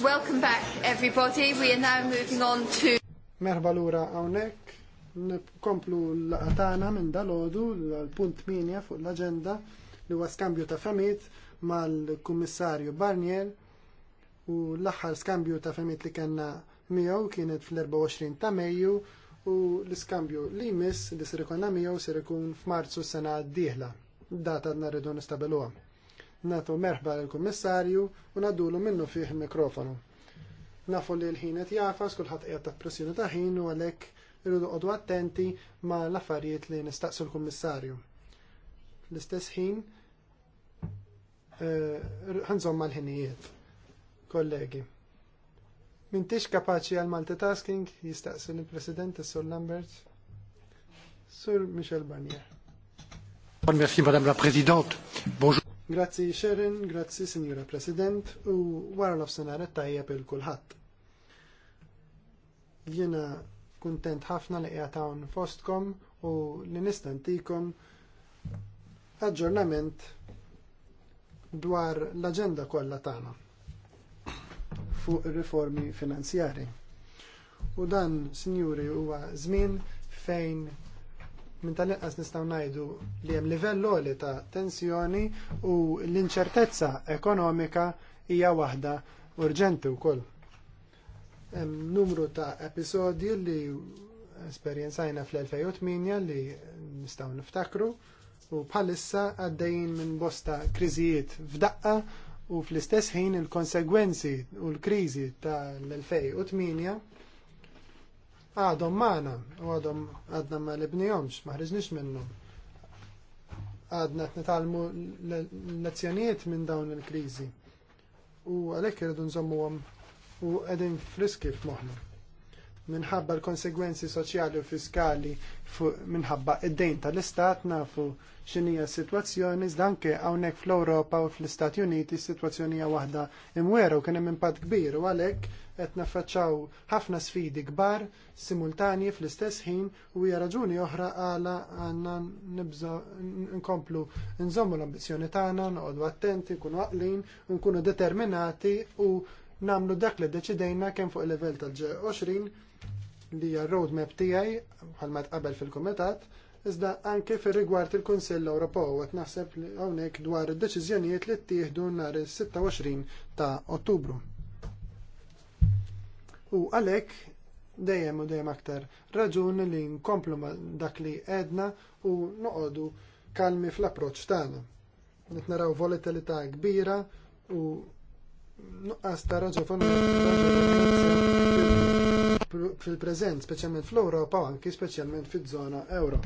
welcome back everybody. We are now moving on to... Merħba lura għawnek, nkomplu l-qatana minn dal-ħodu l-punt minja fuq l-agenda li huwa skambju ta' femiet mal-kummissarju Barnier u l-aħħar skambju ta' femit li kena miegħu kienet fl-24 ta' Mejju u l-iskambju li jmiss li ser ikun miegħu ser ikun f'Marzu s-sena d-dieħla. Data narridu nistabeluha natu merħba l-Kummissarju u nadulu minnu fih il-mikrofonu. Nafu li l-ħinet jafas kullħat qiegħed ta' pressjoni ta' ħin u għalhekk irridu qogħdu attenti ma' l-affarijiet li nistaqsu l-Kummissarju. L-istess ħin eh, ħanżom mal-ħinijiet, kollegi. Mintix kapaċi għal multitasking, jistaqsil l president Sur Lambert, Sur Michel Barnier. Merci Madame la Présidente. Bonjour. Grazzi Sharon, grazzi Signora President u wara l-offsenar tajjeb il-kulħadd. Jiena kuntent ħafna li qiegħed hawn fostkom u li nistantikom aġġornament dwar l-aġenda kollha tagħna fuq ir-riformi finanzjarji. U dan, sinjuri, huwa żmien fejn minn tal-inqas nistgħu ngħidu li hemm livell għoli ta' tensjoni u l-inċertezza ekonomika hija waħda urġenti wkoll. Hemm numru ta' episodji li esperjenzajna fl-2008 li nistgħu niftakru u bħalissa għaddejjin minn bosta kriżijiet f'daqqa u fl-istess ħin il-konsegwenzi u l-kriżi tal-2008 għadhom maħna u għadhom għadna ma libnijomx, ma ħriżniex minnhom. Għadna qed l lezzjonijiet minn dawn il-kriżi. U għalhekk irridu nżommuhom u qegħdin friski f-moħna. Minħabba l-konsegwenzi soċjali u fiskali minħabba id-dejn tal-istat nafu x'inija s-sitwazzjoni għawnek hawnhekk fl-Ewropa u fl-Istati Uniti s-sitwazzjoni waħda imwera u kien hemm impatt kbir u għalhekk qed naffaċċaw ħafna sfidi kbar simultanji fl-istess ħin u hija raġuni oħra għala għandna nkomplu nżommu l-ambizzjoni tagħna, noqogħdu attenti, nkunu għaqlin, nkunu determinati u nagħmlu dak li deċidejna kemm fuq il-livell tal-20 li hija roadmap tiegħi bħalma tqabel fil-kumitat iżda anke fir rigward il-Kunsill Ewropew qed naħseb hawnhekk dwar id-deċiżjonijiet li ttieħdu nhar is-26 ta' Ottubru. U għalhekk dejjem u dejjem aktar raġun li nkomplu dak li għedna u noqogħdu kalmi fl-approċċ tagħna. Qed naraw volatilità kbira u nuqqas ta' raġofonu fil-preżent, speċjalment fl-Ewropa u anki speċjalment fiż-żona euro.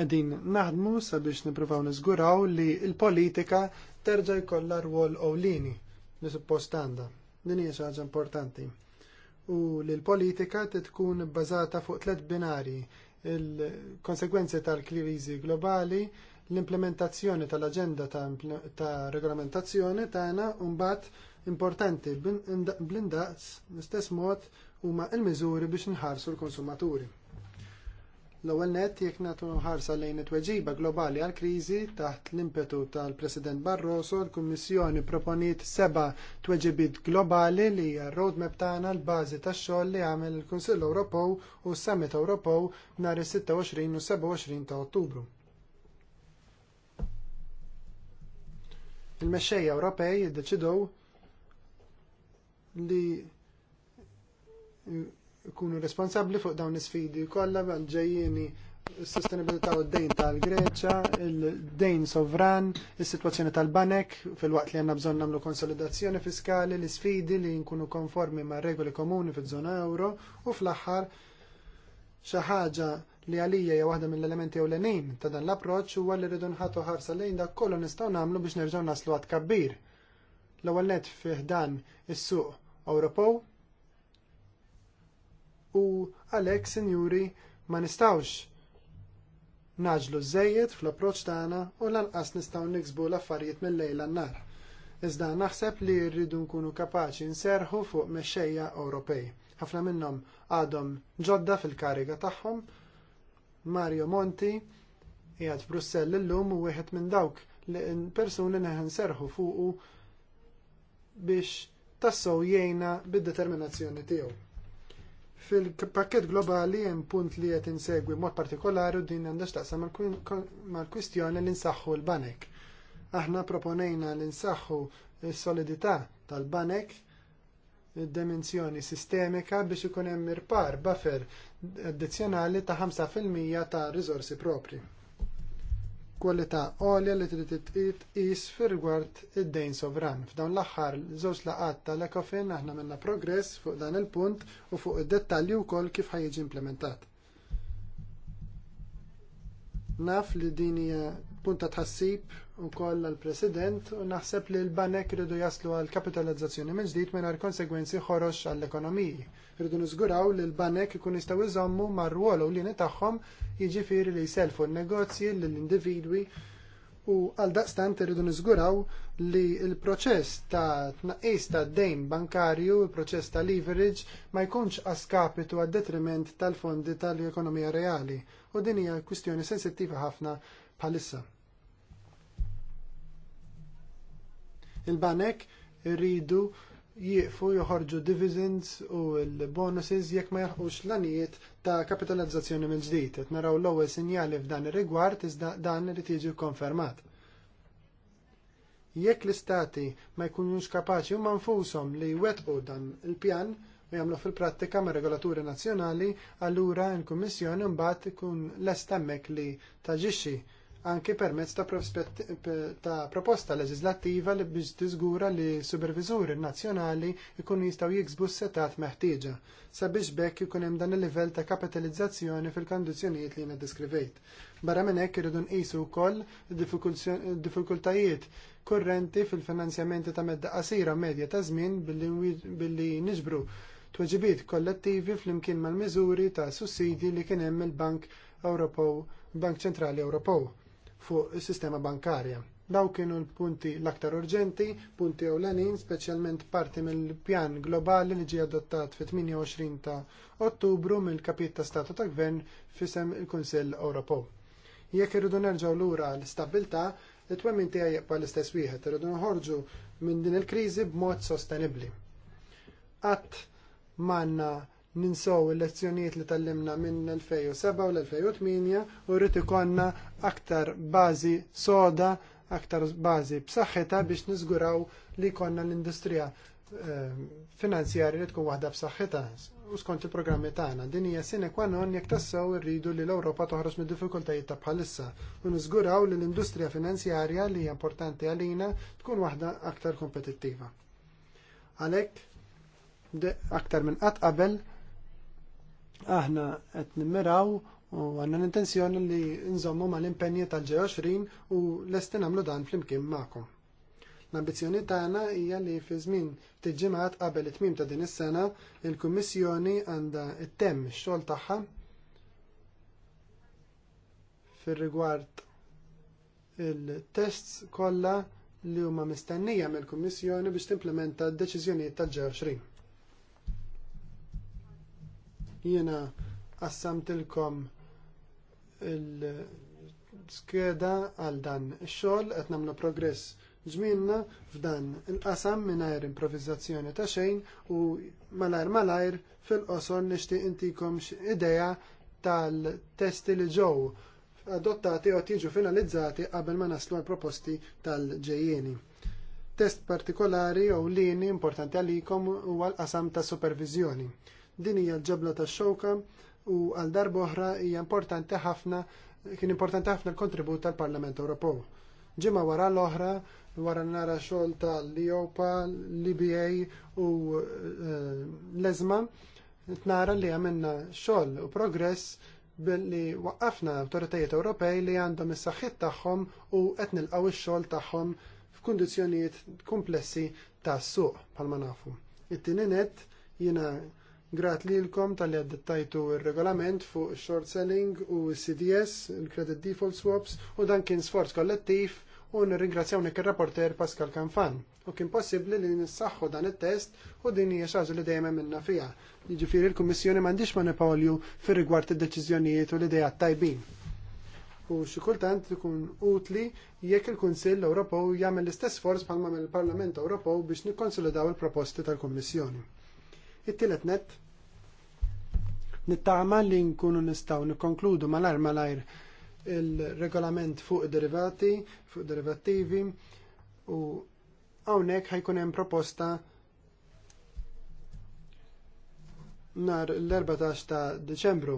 għedin naħdmu sabiex nipruvaw nizguraw li l politika terġa' jkollha rwol ewlieni li suppost għandha. Din hija xi ħaġa importanti. U li l-politika tkun bbażata fuq tliet binari il-konsekwenzi tal-kriżi globali, l-implementazzjoni tal-aġenda ta' regolamentazzjoni tagħna u mbagħad importanti blindaqs l-istess mod huma l miżuri biex nħarsu l-konsumaturi. L-ewwel nett jekk nagħtu ħarsa lejn it-tweġiba globali għall kriżi taħt l-impetu tal-President Barroso, l-Kummissjoni proponiet seba' tweġibiet globali li hija roadmap tagħna l-bażi tax-xogħol li għamel il-Kunsill Ewropew u s-Summit Ewropew nhar is-26 u 27 ta' Ottubru. Il-mexxejja Ewropej iddeċidew li ikunu responsabbli fuq dawn is-sfidi kollha għal-ġejjieni s-sostenibilità u d-dejn tal-Greċa, il-dejn sovran, il-situazzjoni tal-banek, fil-waqt li għanna bżon namlu konsolidazzjoni fiskali, l-sfidi li nkunu konformi ma' regoli komuni fil-zona euro, u fl-axħar xaħġa li għalija hija waħda mill-elementi ewlenin ta' dan l-approċ huwa li rridu nħatu ħarsa lejn dak kollu nistgħu nagħmlu biex nerġgħu naslu għad kabbir. L-ewwel net fih dan is-suq Ewropew u għalhekk sinjuri ma nistawx naġlu żejjed fl-approċċ tagħna u lanqas nistgħu niksbu l-affarijiet mill-lejla n-nar. Iżda naħseb li rridu nkunu kapaċi nserħu fuq mexxejja Ewropej. Ħafna minnhom għadhom ġodda fil-kariga tagħhom. Mario Monti qiegħed Brussell illum u wieħed minn dawk li persuni neħen serħu fuqu biex tassow jgħina bid-determinazzjoni tiegħu. Fil-pakket globali hemm punt li qed insegwi mod partikolari u din għandha x'taqsam mal-kwistjoni li nsaħħu l-banek. Aħna proponejna li nsaħħu s-solidità tal-banek dimensjoni sistemika biex ikun hemm irpar buffer addizzjonali ta' 5% ta' riżorsi propri kwalità għolja li trid titqit is id-dejn sovran. F'dawn l-aħħar żewġ laqat tal-Ekofin aħna minna progress fuq dan il-punt u fuq id-dettalji wkoll kif ħajjiġi implementat. Naf li din hija punta tħassib koll għall president u naħseb li l-banek rridu jaslu għal kapitalizzazzjoni minn ġdid mingħajr konsegwenzi ħorox għall ekonomiji Rridu niżguraw li l-banek ikun jistgħu jżommu mar-rwol u tagħhom jiġifieri li jselfu n-negozji lill-individwi u għal daqstant irridu niżguraw li l proċess ta' tnaqqis ta' dejn bankarju, il-proċess ta' leverage ma jkunx għaskapitu għad detriment tal-fondi tal-ekonomija reali u din hija kwistjoni sensittiva ħafna bħalissa. Il-banek rridu jieqfu joħorġu dividends u l-bonuses jekk ma jaħqux l-anijiet ta' kapitalizzazzjoni mill ġdid Qed naraw l-ewwel sinjali f'dan ir-rigward iżda dan irid jiġi konfermat. Jekk l-istati ma jkunux kapaċi huma nfushom li jwettqu dan il-pjan u jagħmlu fil-prattika ma' regolaturi nazzjonali, allura l-Kummissjoni mbagħad ikun lest hemmhekk li taġixxi anke permezz ta', ta' proposta leġislattiva li biex tiżgura li superviżuri nazzjonali jkunu jistgħu jiksbu s-setat meħtieġa sabiex bekk ikun hemm dan il-livell ta' kapitalizzazzjoni fil-kondizzjonijiet li jiena deskrivejt. Barra minn hekk irridu nqisu wkoll diffikultajiet kurrenti fil-finanzjamenti ta' medda qasira medja ta' żmien billi niġbru tweġibiet kollettivi flimkien mal-miżuri ta' sussidji li kien hemm il-Bank Bank Ċentrali Ewropew fuq is-sistema bankarja. Daw kienu l-punti l-aktar urġenti, punti ewlenin, speċjalment parti mill-pjan globali li ġie adottat fit-28 ta' Ottubru mill-Kapit ta' Statu ta' Gvern fisem il-Kunsill Ewropew. Jekk irridu nerġgħu lura l-istabilità, it-twemmin tiegħi jibqa' l-istess wieħed, irridu noħorġu minn din il-kriżi b'mod sostenibbli. Qatt m'għandna ninsaw il-lezzjonijiet li tallimna minn l-2007 u l-2008 u rrid ikonna aktar bażi soda, aktar bażi b'saħħita biex niżguraw li jkollna l-industrija eh, finanzjarja li tkun waħda b'saħħita u skont il-programmi tagħna. Din hija sine qua non jekk tassew irridu li l-Ewropa toħroġ mid-diffikultajiet ta' bħalissa u niżguraw li l-industrija finanzjarja li hija importanti għalina tkun waħda aktar kompetittiva. Għalhekk aktar minn qatt qabel aħna qed nimmiraw u għandna l-intenzjoni li nżommu mal impenji tal ġ u lesti nagħmlu dan flimkien maħkom. L-ambizzjoni tagħna hija li fi żmien ftit qabel it tmim ta' din is-sena il-Kummissjoni għandha ttemm ix-xogħol tagħha fir-rigward il-tests kollha li huma mistennija mill-Kummissjoni biex timplementa d-deċiżjonijiet tal-20. Jiena qassamtilkom il-skeda għal dan ix-xogħol qed nagħmlu progress ġmienna f'dan il-qasam mingħajr improvviżazzjoni ta' xejn u malajr malajr fil-qosor nixtieq intikom idea tal-testi li ġew adottati u jiġu finalizzati qabel ma naslu għall proposti tal-ġejjieni. Test partikolari jew lini importanti għalikom huwa l-qasam ta' supervizjoni Din hija l-ġebla tax-xewka u għal darba oħra hija importanti ħafna kien importanti ħafna l-kontribut tal-Parlament Ewropew. Ġimgħa wara l-oħra wara nara xogħol tal-Liopa, l-IBA u eh, l-Ezma tnara li għamilna xogħol u progress billi waqqafna awtoritajiet Ewropej li għandhom is-saħħit tagħhom u qed nilqgħu x-xogħol tagħhom f'kundizzjonijiet komplessi tas suq bħalma nafu. It-tieni jiena Grat lilkom tal-li għaddettajtu il-regolament fuq short selling u CDS, il-credit default swaps, u dan kien sforz kollettiv u nek il-rapporter Pascal Kanfan. U kien possibli li nissaħħu dan il-test u din hija xaġa li dejjem minna fija. Jiġifieri l-Kummissjoni m'għandix monopolju fir-rigward id-deċiżjonijiet u l-idea tajbin. U xi kultant ikun utli jekk il-Kunsill Ewropew jagħmel l-istess forz bħalma mill-Parlament Ewropew biex nikkonsolidaw il-proposti tal-Kummissjoni it tillet net nittama li nkunu nistaw nikonkludu malajr malajr il-regolament fuq derivati, fuq derivativi u hawnhekk ħajkun hemm proposta nar l-14 ta' Deċembru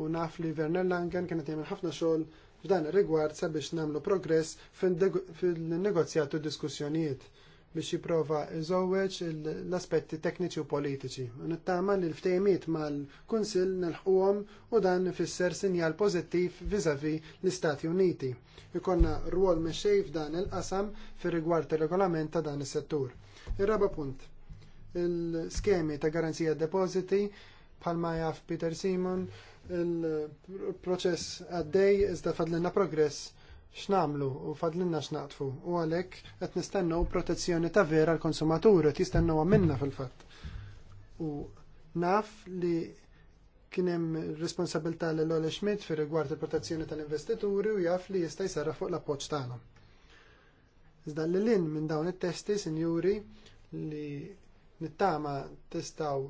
u naf li Werner Langen kienet jagħmel ħafna xogħol f'dan ir-rigward sabiex nagħmlu progress fil-negozjat u diskussjonijiet biex jiprofa iżowweġ l-aspetti tekniċi u politiċi. Nittama li l-ftejmiet mal-Kunsil nilħuhom u dan ifisser sinjal pożittiv vizavi l-Istati Uniti. Ikonna rwol mexej f'dan il-qasam fir rigward ir-regolament ta' dan is-settur. Ir-raba punt. Il-skemi ta' garanzija depositi bħalma jaf Peter Simon, il-proċess għaddej iżda fadlinna progress x'namlu u fadlinna x'naqtfu u għalhekk qed nistennew protezzjoni ta' vera l konsumaturi qed jistennewha minna fil-fatt. U naf li kien hemm responsabilità l Ole Schmidt fir rigward il-protezzjoni tal-investituri u jaf li jista' jsarra fuq l-appoġġ tagħna. Iżda l lin minn dawn it-testi, sinjuri, li nittama tistgħu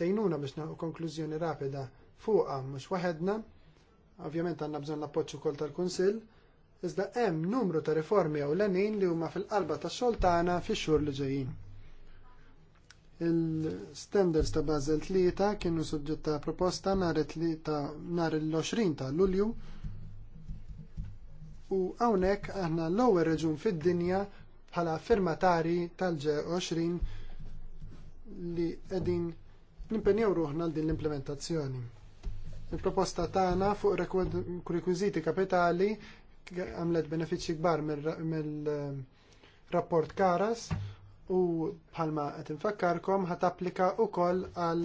tgħinuna biex naħu konklużjoni rapida fuqha mhux waħedna, ovvjament għandna bżonn l-appoġġ ukoll tal-Kunsill, iżda hemm numru ta' riformi ewlenin li huma fil-qalba tax xogħol tagħna fix-xhur li ġejjin. Il-standards ta' Basel tlieta kienu suġġett ta' proposta nhar il-20 ta' Lulju u hawnhekk aħna l-ewwel reġun fid-dinja bħala firmatari tal-G20 li qegħdin nimpenjaw ruħna l din l-implementazzjoni. Il-proposta tagħna fuq rekwiżiti kapitali għamlet benefiċċji kbar mill-rapport Karas u bħalma qed infakkarkom ħat applika wkoll għal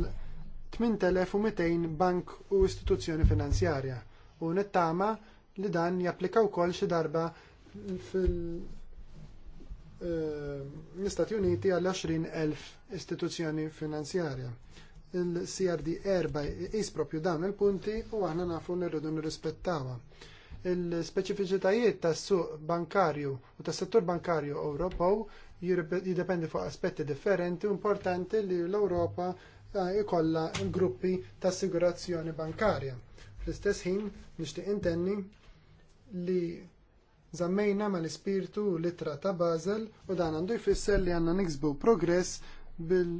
8200 bank u istituzzjoni finanzjarja u nittama li dan japplika wkoll xi darba fil-Istati eh, Uniti għal 20,000 istituzzjoni finanzjarja il-CRD erba jis propju dawn il-punti u aħna nafu nirridu nirrispettawa il-speċifiċitajiet tas-suq bankarju u tas-settur bankarju Ewropew jiddependi fuq aspetti differenti u importanti li l-Ewropa jkollha eh, gruppi ta' assigurazzjoni bankarja. Fl-istess ħin nixtieq intenni li zammejna mal ispirtu litra ta' Basel u dan għandu jfisser li għandna niksbu progress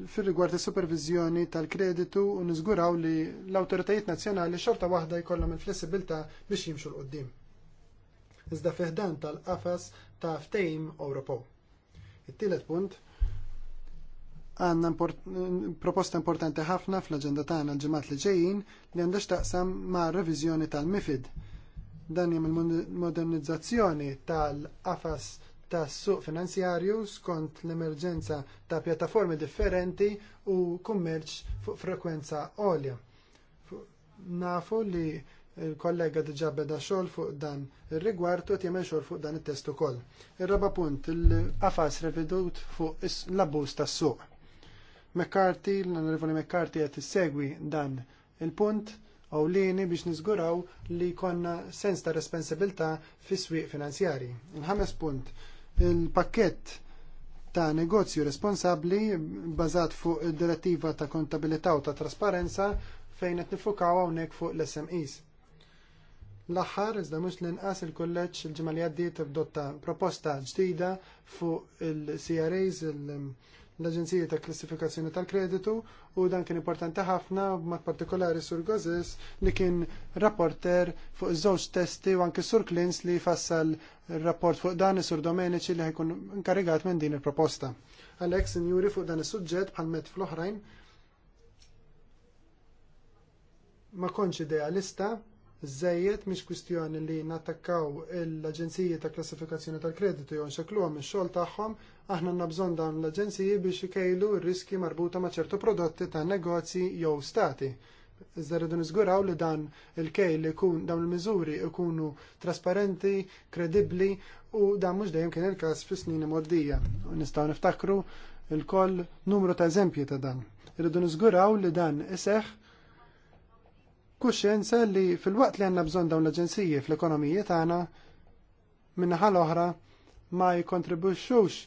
fil-rigward is-supervizjoni tal-kreditu u niżguraw li l-awtoritajiet nazzjonali xorta waħda jkollhom il-flessibilità biex jimxu l-qoddim. Iżda fiħdan tal-qafas ta' ftejm Ewropew. It-tielet punt għandna import proposta importanti ħafna fl aġenda tagħna l-ġimgħat li ġejjin li għandha x'taqsam ma' reviżjoni tal-MIFID. Dan hemm il-modernizzazzjoni tal-qafas ta' suq finanzjarju skont l-emerġenza ta' pjattaformi differenti u kummerċ fuq frekwenza għolja. Nafu li il-kollega diġa beda xogħol fuq dan ir-rigward u jemmen xogħol fuq dan it-test ukoll. Ir-raba punt, il-qafas revedut fuq l-abbuż tas-suq. McCarthy, l-onorevoli McCarthy qed issegwi dan il-punt għawlini biex niżguraw li jkollna sens ta' responsabilta fis swieq finanzjarji. Il-ħames punt, Il-pakket ta' negozju responsabli bazat fuq id-direttiva ta' kontabilità u ta' trasparenza fejn qed nifukaw hawnhekk fuq l-SMEs. L-aħħar iżda mhux l-inqas il-kulleġġ il-ġimgħa li għaddiet ibdotta proposta ġdida fuq il-CRAs, l-Aġenziji ta' Klassifikazzjoni tal-Kreditu u dan kien importanti ħafna b'mod partikolari sur Gozis li kien rapporter fuq żewġ testi u anke sur Klins li fassal rapport fuq dan is-sur Domenici li ħajkun inkarigat minn din il-proposta. Alex njuri fuq dan is-suġġett bħal met fl-oħrajn ma konċ idealista Zejjed miex kwistjoni li nattakkaw l-Aġenziji ta' Klassifikazzjoni tal-Kreditu jew nxekluhom ix-xogħol tagħhom Aħna nabżon dan dawn l-aġenziji biex ikejlu r-riski marbuta ma' ċertu prodotti ta' negozji jew stati. Iżda rridu niżguraw li dan il-kejl ikun dawn il-miżuri ikunu trasparenti, kredibbli u dan mhux dejjem kien il-każ fis-snin imgħoddija. Nistgħu niftakru il-koll numru ta' eżempji ta' dan. Irridu niżguraw li dan iseħħ kuxjenza li fil-waqt li għanna bżon dawn l-aġenziji fl-ekonomiji tagħna minnaħa l-oħra ma jikontribwixxux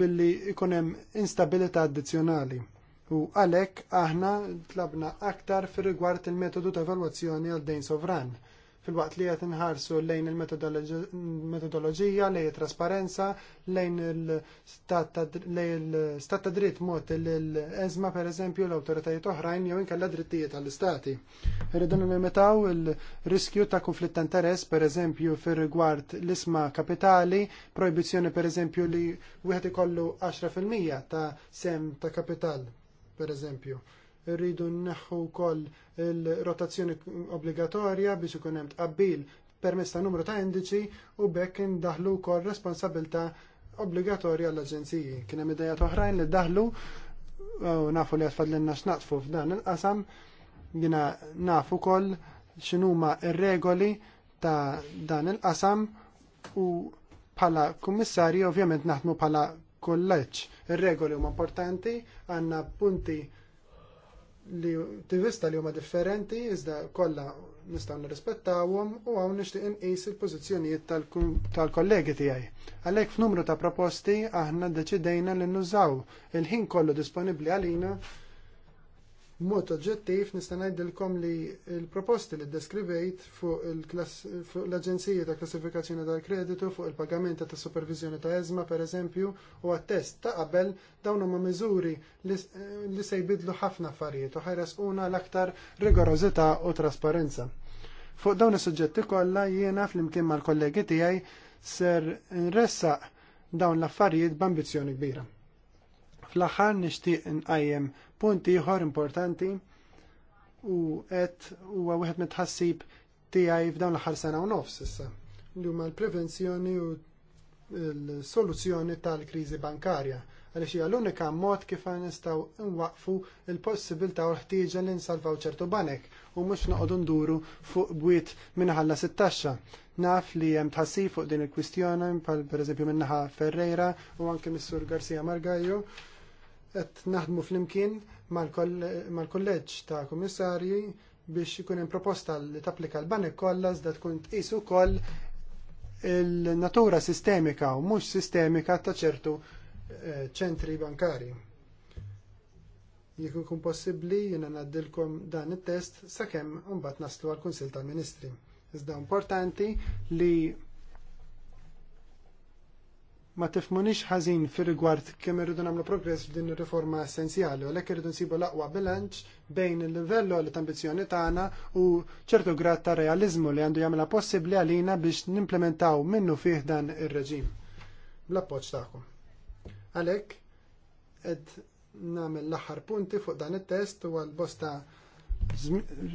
billi ikun hemm instabilità addizzjonali. U għalhekk aħna tlabna aktar fir rigward il-metodu ta' evalwazzjoni għal dejn sovran fil-waqt li qed inħarsu lejn il-metodoloġija, lejn it trasparenza, lejn l-stat ta' dritt mod l-ezma eżempju l-awtoritajiet oħrajn jew inkella drittijiet għall-istati. Irridu nimitaw il-riskju ta' konflitt ta' interess pereżempju fir-rigward l-isma kapitali, projbizzjoni pereżempju li wieħed ikollu 10% ta' sem ta' kapital pereżempju rridu nneħħu wkoll il-rotazzjoni obbligatorja biex ikun hemm tqabbil permezz ta' numru ta' indiċi u bekk indaħlu wkoll responsabilità obbligatorja għall-aġenziji. Kien hemm idejat oħrajn li daħlu u nafu li għatfadlinna x'naqfu f'dan il-qasam jina nafu wkoll x'inhuma r-regoli ta' dan il-qasam u bħala kummissari ovvjament naħdmu bħala kolleġġ. Ir-regoli huma importanti, għandna punti li tivista li huma differenti iżda kollha nistgħu nirrispettawhom u hawn nixtieq inqis il-pożizzjonijiet tal-kollegi tiegħi. Għalhekk f'numru ta' proposti aħna ddeċidejna li nużaw il-ħin kollu disponibbli għalina Mod oġġettiv nista' ngħidilkom li l-proposti li ddeskrivejt fuq l-Aġenzija ta' Klassifikazzjoni tal-Kreditu fuq il-pagamenti ta' supervizjoni ta' eżma pereżempju u għat-test ta' qabel dawn huma miżuri li se jbidlu ħafna affarijiet u ħajrasquna l-aktar rigorożità u trasparenza. Fuq dawn is-suġġetti kollha jiena flimkien mal-kollegi tiegħi ser nressaq dawn l-affarijiet b'ambizzjoni kbira. Fl-aħħar nixtieq nqajjem punt ieħor importanti u qed huwa wieħed mitħassib tiegħi f'dawn l-aħħar sena u nofs issa li huma l-prevenzjoni u l-soluzzjoni tal-kriżi bankarja għaliex hija l-unika mod kif nistgħu nwaqfu l-possibilità u l-ħtieġa li nsalvaw ċertu banek u mhux noqogħdu nduru fuq bwiet minħalla sit-taxxa. Naf li hemm tħassib fuq din il-kwistjoni bħal pereżempju minnaħa Ferreira u anke Missur Garcia Margallo qed naħdmu flimkien mal-kolleġġ ta' kummissarji biex ikun hemm proposta li tapplika l-banek kollha iżda tkun tqis ukoll il-natura sistemika u mhux sistemika ta' ċertu eh, ċentri bankari. Jekk ikun possibbli jiena ngħaddilkom dan it-test sakemm imbagħad naslu għall kunsill tal-Ministri. Iżda importanti li ma tifmunix ħażin fir rigward kemm irridu nagħmlu progress f'din ir-riforma essenzjali, u irridu nsibu l-aqwa bilanċ bejn il livellu l ambizzjoni tagħna u ċertu grad ta' realiżmu li għandu jagħmilha possibbli għalina biex nimplementaw minnu fih dan ir-reġim. Bl-appoġġ tagħkom. Għalhekk qed nagħmel l-aħħar punti fuq dan it-test u għal-bosta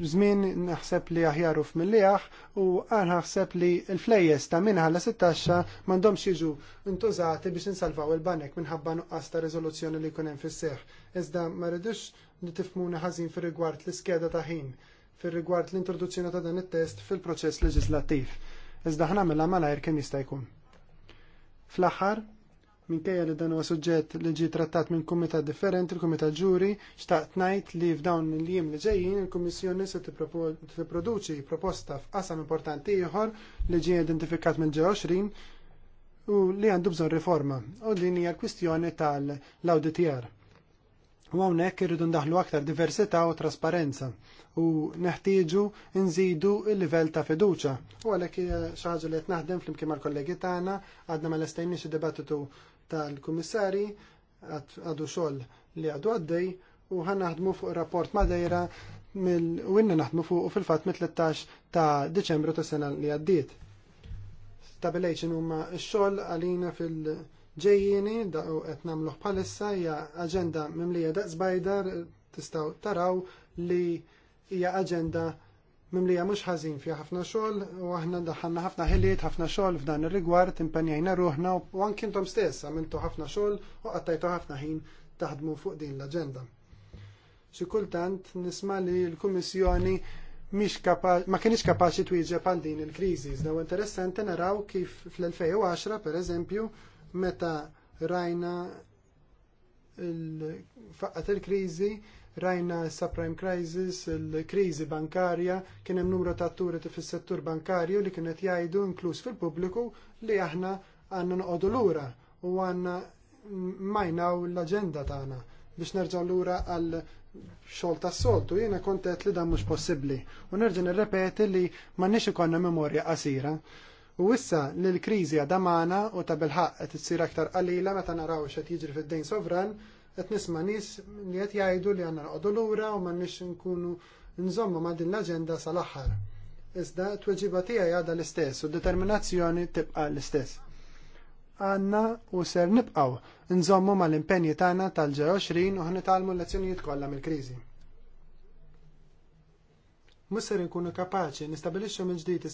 Zmin naħseb li aħjaru f'milliħ u għan naħseb li l-flejjes ta' minna ħalla 16 m'għandhomx jiġu ntużati biex insalvaw il-banek minħabba nuqqas ta' riżoluzzjoni li jkun hemm fis-seħħ. Iżda ma rridux li tifmuna ħażin fir-rigward l-iskeda ta' ħin fir-rigward l-introduzzjoni ta' dan it-test fil-proċess leġislattiv. Iżda ħna nagħmilha malajr kien jista' jkun. Fl-aħħar, Minkejja li dan huwa suġġett li ġie trattat minn kumitat differenti, il-kumitat ġuri, xtaqt ngħid li f'dawn il-jiem li ġejjin il-Kummissjoni se tipproduċi proposta f'qasam importanti ieħor li ġie identifikat mill ġewxrin u li għandu bżonn riforma u din hija l-kwistjoni tal-awditjar. U hawnhekk irridu ndaħlu aktar diversità u trasparenza u neħtieġu nżidu il-livell ta' fiduċa. U għalhekk xi ħaġa li qed naħdem flimkien mal-kollegi tagħna għadna ma lestejniex id tal kummissarji għadu xogħol li għadu għaddej u ħan naħdmu fuq rapport Madeira mill-winna naħdmu fuq fil-fatt mit-13 ta' Deċembru ta' sena li għaddiet. Stabilation huma x-xogħol għalina fil- ġejjini da u qed nagħmluh bħalissa hija aġenda mimlija da' zbajdar tistgħu taraw li hija aġenda mimlija mhux ħażin fi ħafna xogħol u aħna daħanna ħafna ħiliet ħafna xogħol f'dan ir-rigward impenjajna ruħna u anke stess għamiltu ħafna xogħol u qattajtu ħafna ħin taħdmu fuq din l-aġenda. Xi kultant nisma li l-Kummissjoni ma kienix kapaċi twieġeb għal din il-kriżi. Iżda interessanti naraw kif fl-2010 pereżempju meta rajna il-faqqat il-kriżi Rajna subprime crisis, il-krizi bankarja, kien hemm numru ta' atturi fis-settur bankarju li kienet jgħidu inkluż fil-pubbliku li aħna għandna noqogħdu lura u għandna majnaw l-aġenda tagħna biex nerġgħu lura għal xogħol tas-soltu jiena kont li dan mhux possibbli. U nerġa' nirrepeti li m'għandniex ikollna memorja qasira. U issa li l-kriżi għadha magħna u ta' bilħaq qed issir aktar qalila meta naraw x'qed jiġri fid-dejn sovran, qed nisma' nis li qed jgħidu li għandna nqogħdu lura u m'għandniex nkunu nżommu ma' din l-aġenda sal-aħħar. Iżda t-tweġiba tiegħi għadha l-istess u determinazzjoni tibqa' l-istess. Għanna u ser nibqaw nżommu mal-impenji tagħna tal-20 u ħnitalmu l azzjonijiet kollha mill-kriżi. Musser nkunu kapaċi nistabilixxu minn ġdid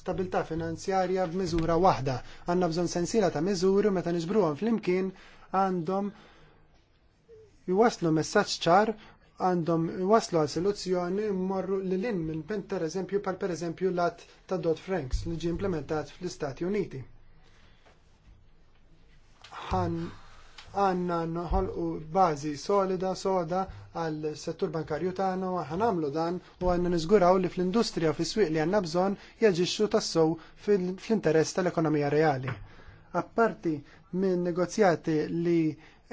stabilità finanzjarja b'miżura waħda. Għandna bżonn sensiela ta' miżuri meta niġbruhom flimkien għandhom jwaslu messaġġ ċar għandhom waslu għal soluzzjoni mmorru li l-in minn pen per eżempju pal per eżempju lat ta' Dodd Franks li ġie implementat fl-Istati Uniti. Għanna nħolqu bażi solida, soda għal settur bankarju tagħna u ħanamlu dan u għandna niżguraw li fl-industrija u fis-swieq li għandna bżonn jaġixxu tassew fl-interess tal-ekonomija reali. Apparti minn negozjati li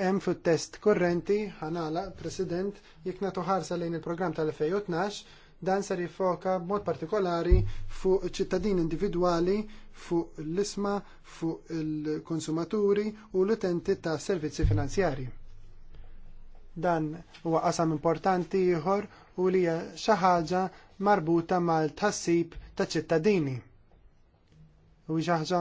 hemm fit-test korrenti ħanala President jekk nagħtu ħarsa lejn il-programm tal-2012 dan ser jiffoka b'mod partikolari fuq ċittadini individwali, fuq l-isma, fuq il-konsumaturi u l-utenti ta' servizzi finanzjarji. Dan huwa qasam importanti ieħor u li hija xi ħaġa marbuta mal tħassib ta' ċittadini. U xi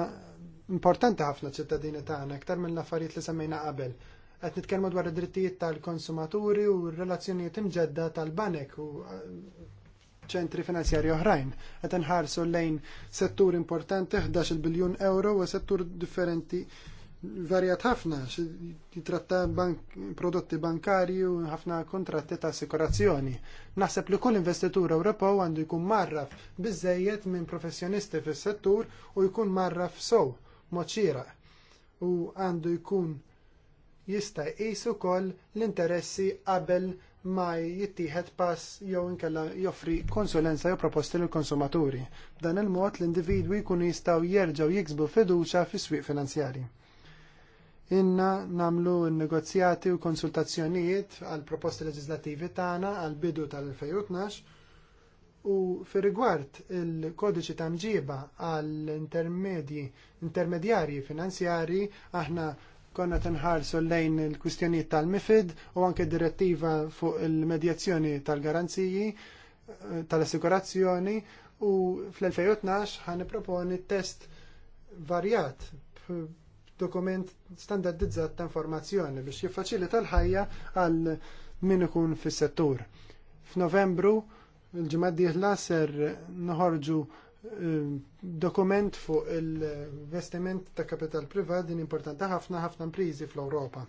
importanti ħafna ċittadini tagħna aktar mill affarijiet li semmejna qabel. Qed nitkellmu dwar id-drittijiet tal-konsumaturi u r-relazzjonijiet imġedda tal-banek u uh, ċentri finanzjarji oħrajn. Qed inħarsu lejn settur importanti 11 biljun euro u settur differenti varjat ħafna, jitratta bank, prodotti bankarji u ħafna kontratti ta' assikurazzjoni. Naħseb li kull investitur Ewropew għandu jkun marraf biżejjed minn professjonisti fis-settur u jkun marraf sow moċira u għandu jkun jista' jqis ukoll l-interessi qabel ma jittieħed pass jew inkella joffri konsulenza jew proposti lill konsumaturi. B'dan il-mod l-individwi jkunu jistgħu jerġgħu jiksbu fiduċja fis-swieq finanzjarji. Inna nagħmlu n-negozjati u konsultazzjonijiet għall proposti leġislattivi tagħna għall bidu tal-2012 U fir rigward il-kodiċi ta' mġiba għall-intermedji, intermedjarji finanzjarji, aħna konna tenħarsu lejn il-kwistjonijiet tal-MIFID u anke direttiva fuq il-medjazzjoni tal-garanziji tal-assikurazzjoni u fl-2012 ħan proponi test varjat dokument standardizzat ta' informazzjoni biex jiffaċilita l-ħajja għal min ikun fis-settur. F'Novembru il-ġimgħa d ser noħorġu ehm, dokument fuq il-vestiment ta' kapital privat din importanti ħafna ħafna imprizi fl-Ewropa.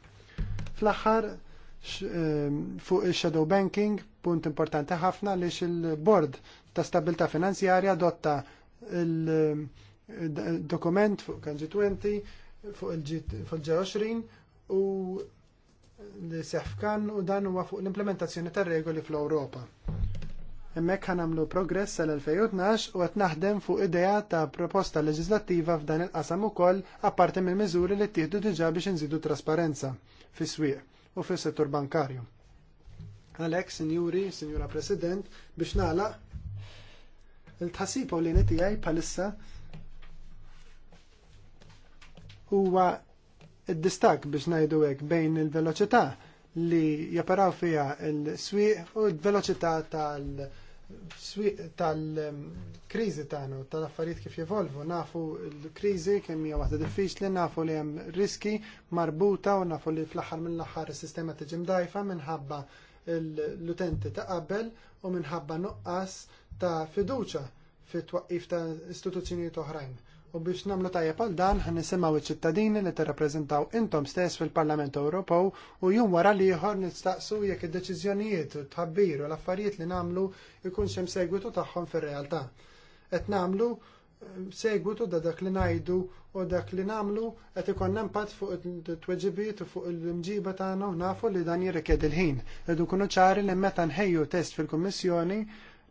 Fl-aħħar ehm, fuq il-shadow banking, punt importanti ħafna li il-bord ta' stabilta' finanzjarja dotta il-dokument fuq g 20 fuq il-G20 u li seħfkan u dan huwa fuq l-implementazzjoni tar regoli fl-Ewropa. Hemmhekk ħanamlu progress sal-2012 u qed naħdem fuq idea ta' proposta leġislattiva f'dan il-qasam ukoll apparti mill miżuri li ttieħdu diġà biex inżidu trasparenza fis-swieq u fis-settur bankarju. Alek, Sinjuri, Sinjura President, biex nagħlaq il-tħassib u li tiegħi bħalissa huwa id-distak biex ngħidu hekk bejn il-veloċità li japaraw fija l-swieq u l-veloċità tal- swieq tal-kriżi tagħna u tal-affarijiet kif jevolvu nafu l-kriżi kemm hija waħda diffiċli, nafu li hemm riski marbuta u nafu li fl-aħħar mill-aħħar is-sistema tiġi mdajfa minħabba l-utenti ta' qabel u minħabba nuqqas ta' fiduċja fit-twaqqif ta' istituzzjonijiet oħrajn u biex nagħmlu tajjeb għal dan ħan nisimgħu iċ-ċittadini li tirrappreżentaw intom stess fil-Parlament Ewropew u jum wara li ieħor nistaqsu jekk id-deċiżjonijiet u tħabbir u l-affarijiet li nagħmlu jkun xem segwitu tagħhom fir-realtà. Qed nagħmlu eh, segwitu da dak li ngħidu u dak li nagħmlu qed ikun nempat fuq il tweġibiet u fuq il-mġiba tagħna u nafu li dan jirrikjed il-ħin. Edu kunu ċari li meta nħejju test fil-Kummissjoni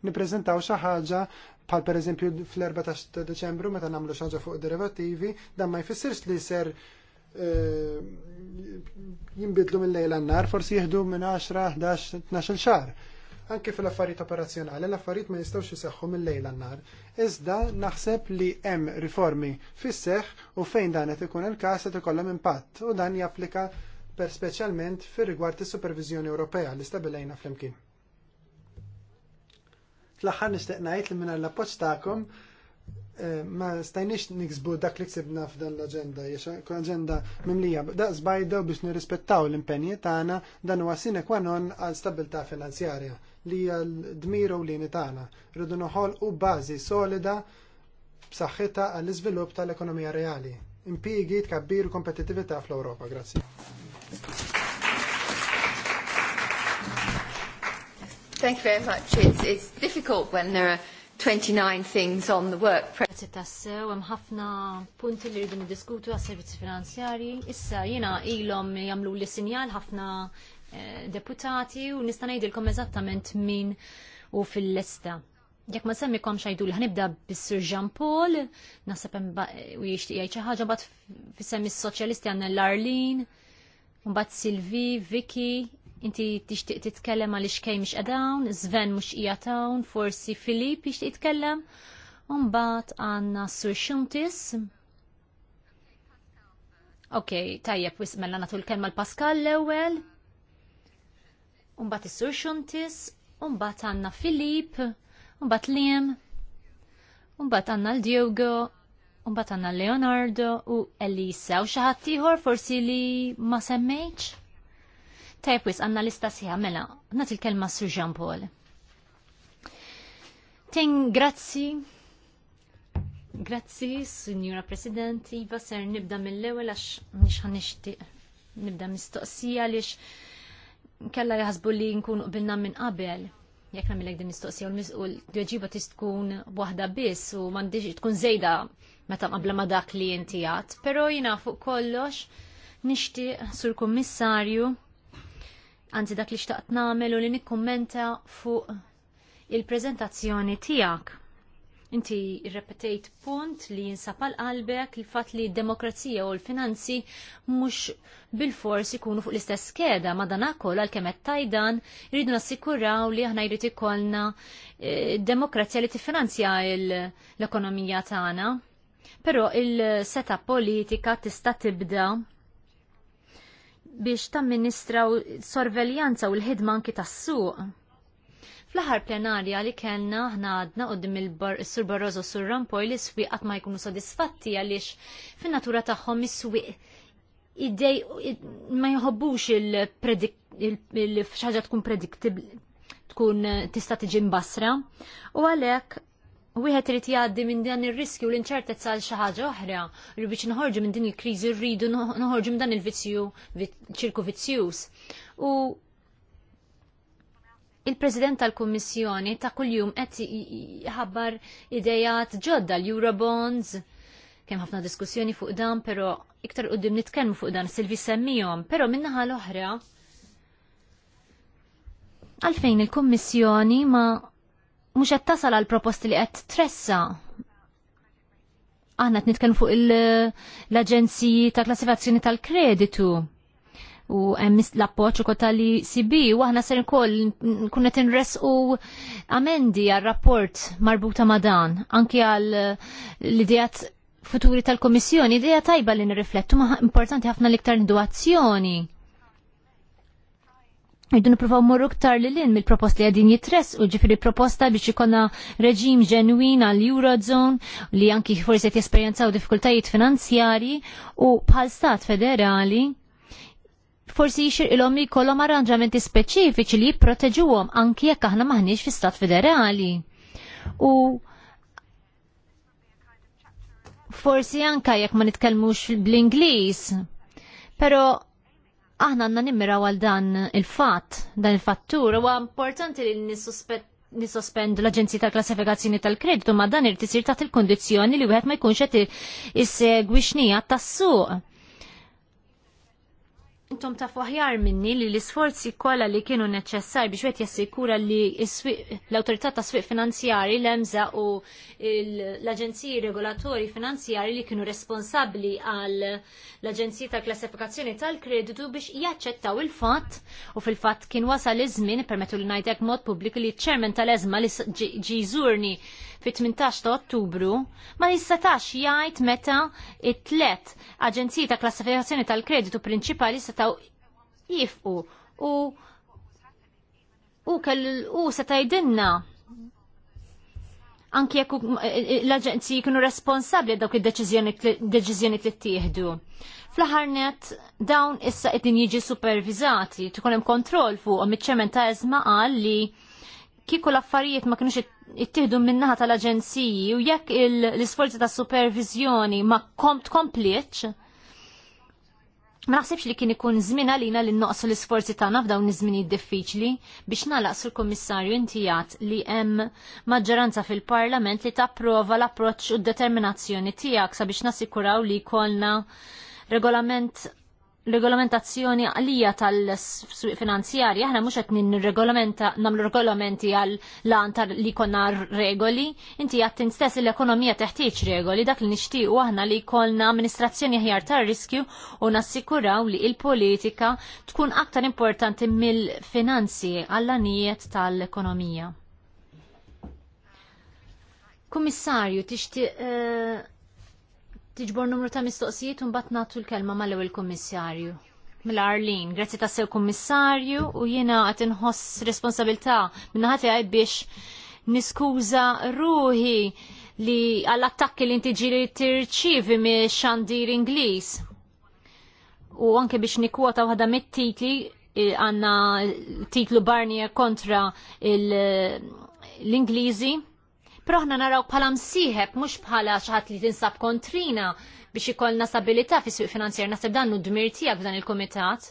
nippreżentaw xi ħaġa Pal per eżempju fl 14 ta' Deċembru meta nagħmlu xaġa fuq derivativi, dan ma jfissirx li ser eh, jimbidlu mill-lejla n-nar, forsi jihdu minn 10, 11, 12 xar. Anke fil-affarijiet operazzjonali, l-affarijiet ma jistawx jiseħħu mill-lejla n-nar. Iżda naħseb li hemm riformi fis-seħħ u fejn dan qed ikun il-każ qed ikollhom impatt u dan japplika per speċjalment fir rigward is-supervizjoni Ewropea li stabilejna flimkien. Fl-aħħar nixtieq ngħid li minna l-appoġġ tagħkom eh, ma stajniex niksbu dak li ksibna f'dan l-agenda, jiex agenda mimlija da zbajda biex nirrispettaw l-impenji tagħna dan huwa sine qua non għal stabilta finanzjarja li hija l-dmira u lini tagħna. Rridu u bażi solida b'saħħitha għall iżvilupp tal-ekonomija reali. Impjigi tkabbir kompetitivita fl-Ewropa. Grazzi. Thank you very much. It's, it's difficult when there are 29 things on the work Għati tassew, hemm ħafna punti li rridu niddiskutu għas servizzi finanzjari. Issa jiena ilhom jagħmlu li sinjal ħafna eh, deputati u nista' ngħidilkom eżattament min u fil-lista. Jekk ma semmi semmikom xajdu li ħnibda bis sur Jean Paul, naħseb u jixtieq jgħid xi ħaġa bad fi semmi s-soċjalisti għandna l-Arlin, mbagħad Silvi, Vicky, Inti tixtieq titkellem għal ixkej mhux qedawn, Sven mhux hija tawn, forsi Filip jixtieq jitkellem. Mbagħad għandna Sur Xuntis. Ok, tajjeb, wismella mela natu l-kelma l-Pascal l-ewel. Umbat is-sur Xuntis, umbat għanna Filip, umbat Liam, umbat għanna l-Diogo, umbat għanna Leonardo u Elisa. U xaħat tiħor forsi li ma semmejċ? Tajpwis għanna lista siħa mela, għanna til kelma Sir Jean Paul. Ten grazzi, grazzi, Signora President, Iva, ser nibda mill-ewel għax nixħan nibda mistoqsija lix kella jħasbu li nkun qbilna minn qabel jekk nagħmilek din mistoqsija u l-ġeġiba tista' tkun waħda biss u m'għandix tkun żejda meta qabla ma dak li inti għad. Però jiena fuq kollox nixtieq sur kummissarju anzi dak li xtaqt namel u li nikkummenta fuq il-prezentazzjoni tijak. Inti repetejt punt li jinsapal qalbek il-fat li d-demokrazija u l-finanzi mux bil-fors ikunu fuq l-istess skeda ma dan akol għal-kemet tajdan jridu nassikuraw li aħna jrid ikollna eh, demokrazija li tiffinanzja l-ekonomija tagħna. Però il-seta politika tista' tibda biex tamministraw sorveljanza u l-ħidma anki tas-suq. Fl-aħħar plenarja li kellna aħna għadna qudiem il-Sur Barroso Sur Rampoj li swieq qatt ma jkunu sodisfatti għaliex fin-natura tagħhom is-swieq idej ma jħobbux il-xaġa tkun predictable tkun tista' tiġi mbasra u għalhekk wieħed irid jgħaddi minn dan ir-riskju l inċertezza għal xi ħaġa oħra li biex nħorġu minn din il-kriżi rridu noħorġu minn dan il-vizzju ċirku vizzjuż. U il-President tal-Kummissjoni ta' kuljum qed jħabbar idejat ġodda l-Eurobonds kemm ħafna diskussjoni fuq dan, però iktar qudiem nitkellmu fuq dan Silvi semmihom, però minnaħa l-oħra għalfejn il-Kummissjoni ma' mhux qed tasal għal proposti li qed tressa aħna qed nitkellmu fuq l-Aġenziji ta' Klassifikazzjoni tal-Kreditu u hemm l-appoġġ ukoll tal Sibi u aħna ser ikoll nkun qed u amendi għar-rapport marbuta ma' dan anke għal l-idejat futuri tal-Komissjoni, ideja tajba li nirriflettu ma importanti ħafna l-iktar induazzjoni. Rridu nipruvaw morru ktar li l-in mill-propost li għadin jitress u ġifiri proposta biex ikonna reġim ġenwin għal Eurozone li anki forsi qed jesperjenzaw diffikultajiet finanzjari u bħal stat federali forsi jixir il-om li jkollhom arranġamenti speċifiċi li jipproteġuhom anki jekk aħna maħniex fi stat federali. U forsi anka jekk ma nitkellmux bl-Ingliż, però aħna għanna nimmira għal dan il-fat, dan il-fattur, u importanti li nisospend l-Aġenzija tal-Klassifikazzjoni tal-Kreditu ma dan irtisir taħt il-kondizjoni li wieħed ma jkunx qed isegwi xnija tas-suq intom tafu aħjar minni li l-isforzi kollha li kienu neċessar biex wieħed jassikura li l autorità ta' swieq finanzjari l-EMSA u l-aġenziji regolatori finanzjari li kienu responsabbli għal l-aġenziji ta' klassifikazzjoni tal-kreditu biex jaċċettaw il-fatt u fil-fatt kien wasal iż-żmien permettu li ngħidlek mod pubbliku li ċ-ċermen tal-eżma li ġiżurni fit-18 ta' Ottubru ma jissatax jgħid meta it-tlet aġenziji ta' klassifikazzjoni tal-kreditu prinċipali setaw jifqu u u kell u seta' jidinna anki jekk l-aġenziji kienu responsabbli dawk id-deċiżjoni li ttieħdu. Fl-aħħar dawn issa qegħdin jiġi supervizati, tkun hemm kontroll fuqhom iċ-ċementa eżma qal li kieku l-affarijiet ma kienux ittieħdu minnaħa tal-aġenziji u jekk l-isforzi ta' supervizjoni ma komt kompliċ, ma naħsibx li kien ikun żmien għalina li noqsu l-isforzi tagħna f'dawn iż-żminijiet diffiċli biex nalaq sur kummissarju intijat li hemm maġġoranza fil-Parlament li tapprova l-approċċ u d-determinazzjoni tiegħek sabiex nassikuraw li jkollna regolament regolamentazzjoni għalija tal-suq finanzjarji, aħna mhux qed nirregolamenta nagħmlu regolamenti għal lan li konna regoli, inti għattin stess l-ekonomija teħtieġ regoli, dak li nixtiequ aħna li jkollna amministrazzjoni ħjar tar-riskju u nassikuraw li il-politika tkun aktar importanti mill-finanzi għall-anijiet tal-ekonomija. Kummissarju, tixtieq eh, tiġbor numru ta' mistoqsijiet un bat natu l-kelma mal ewwel kummissarju. Mill-Arlin, grazzi ta' sew kummissarju u jiena għat inħoss responsabilta minnaħati għaj biex niskuza ruħi li għall-attakki li inti ġiri tirċivi me xandir Ingliż. U anke biex nikwota waħda mit-titli e, għanna titlu Barnier kontra l-Ingliżi Pero ħna naraw bħala msieħeb mhux bħala xi ħadd li tinsab kontrina biex ikollna stabilità fis-suq finanzjer naħseb dan hu dmir tiegħek f'dan il-kumitat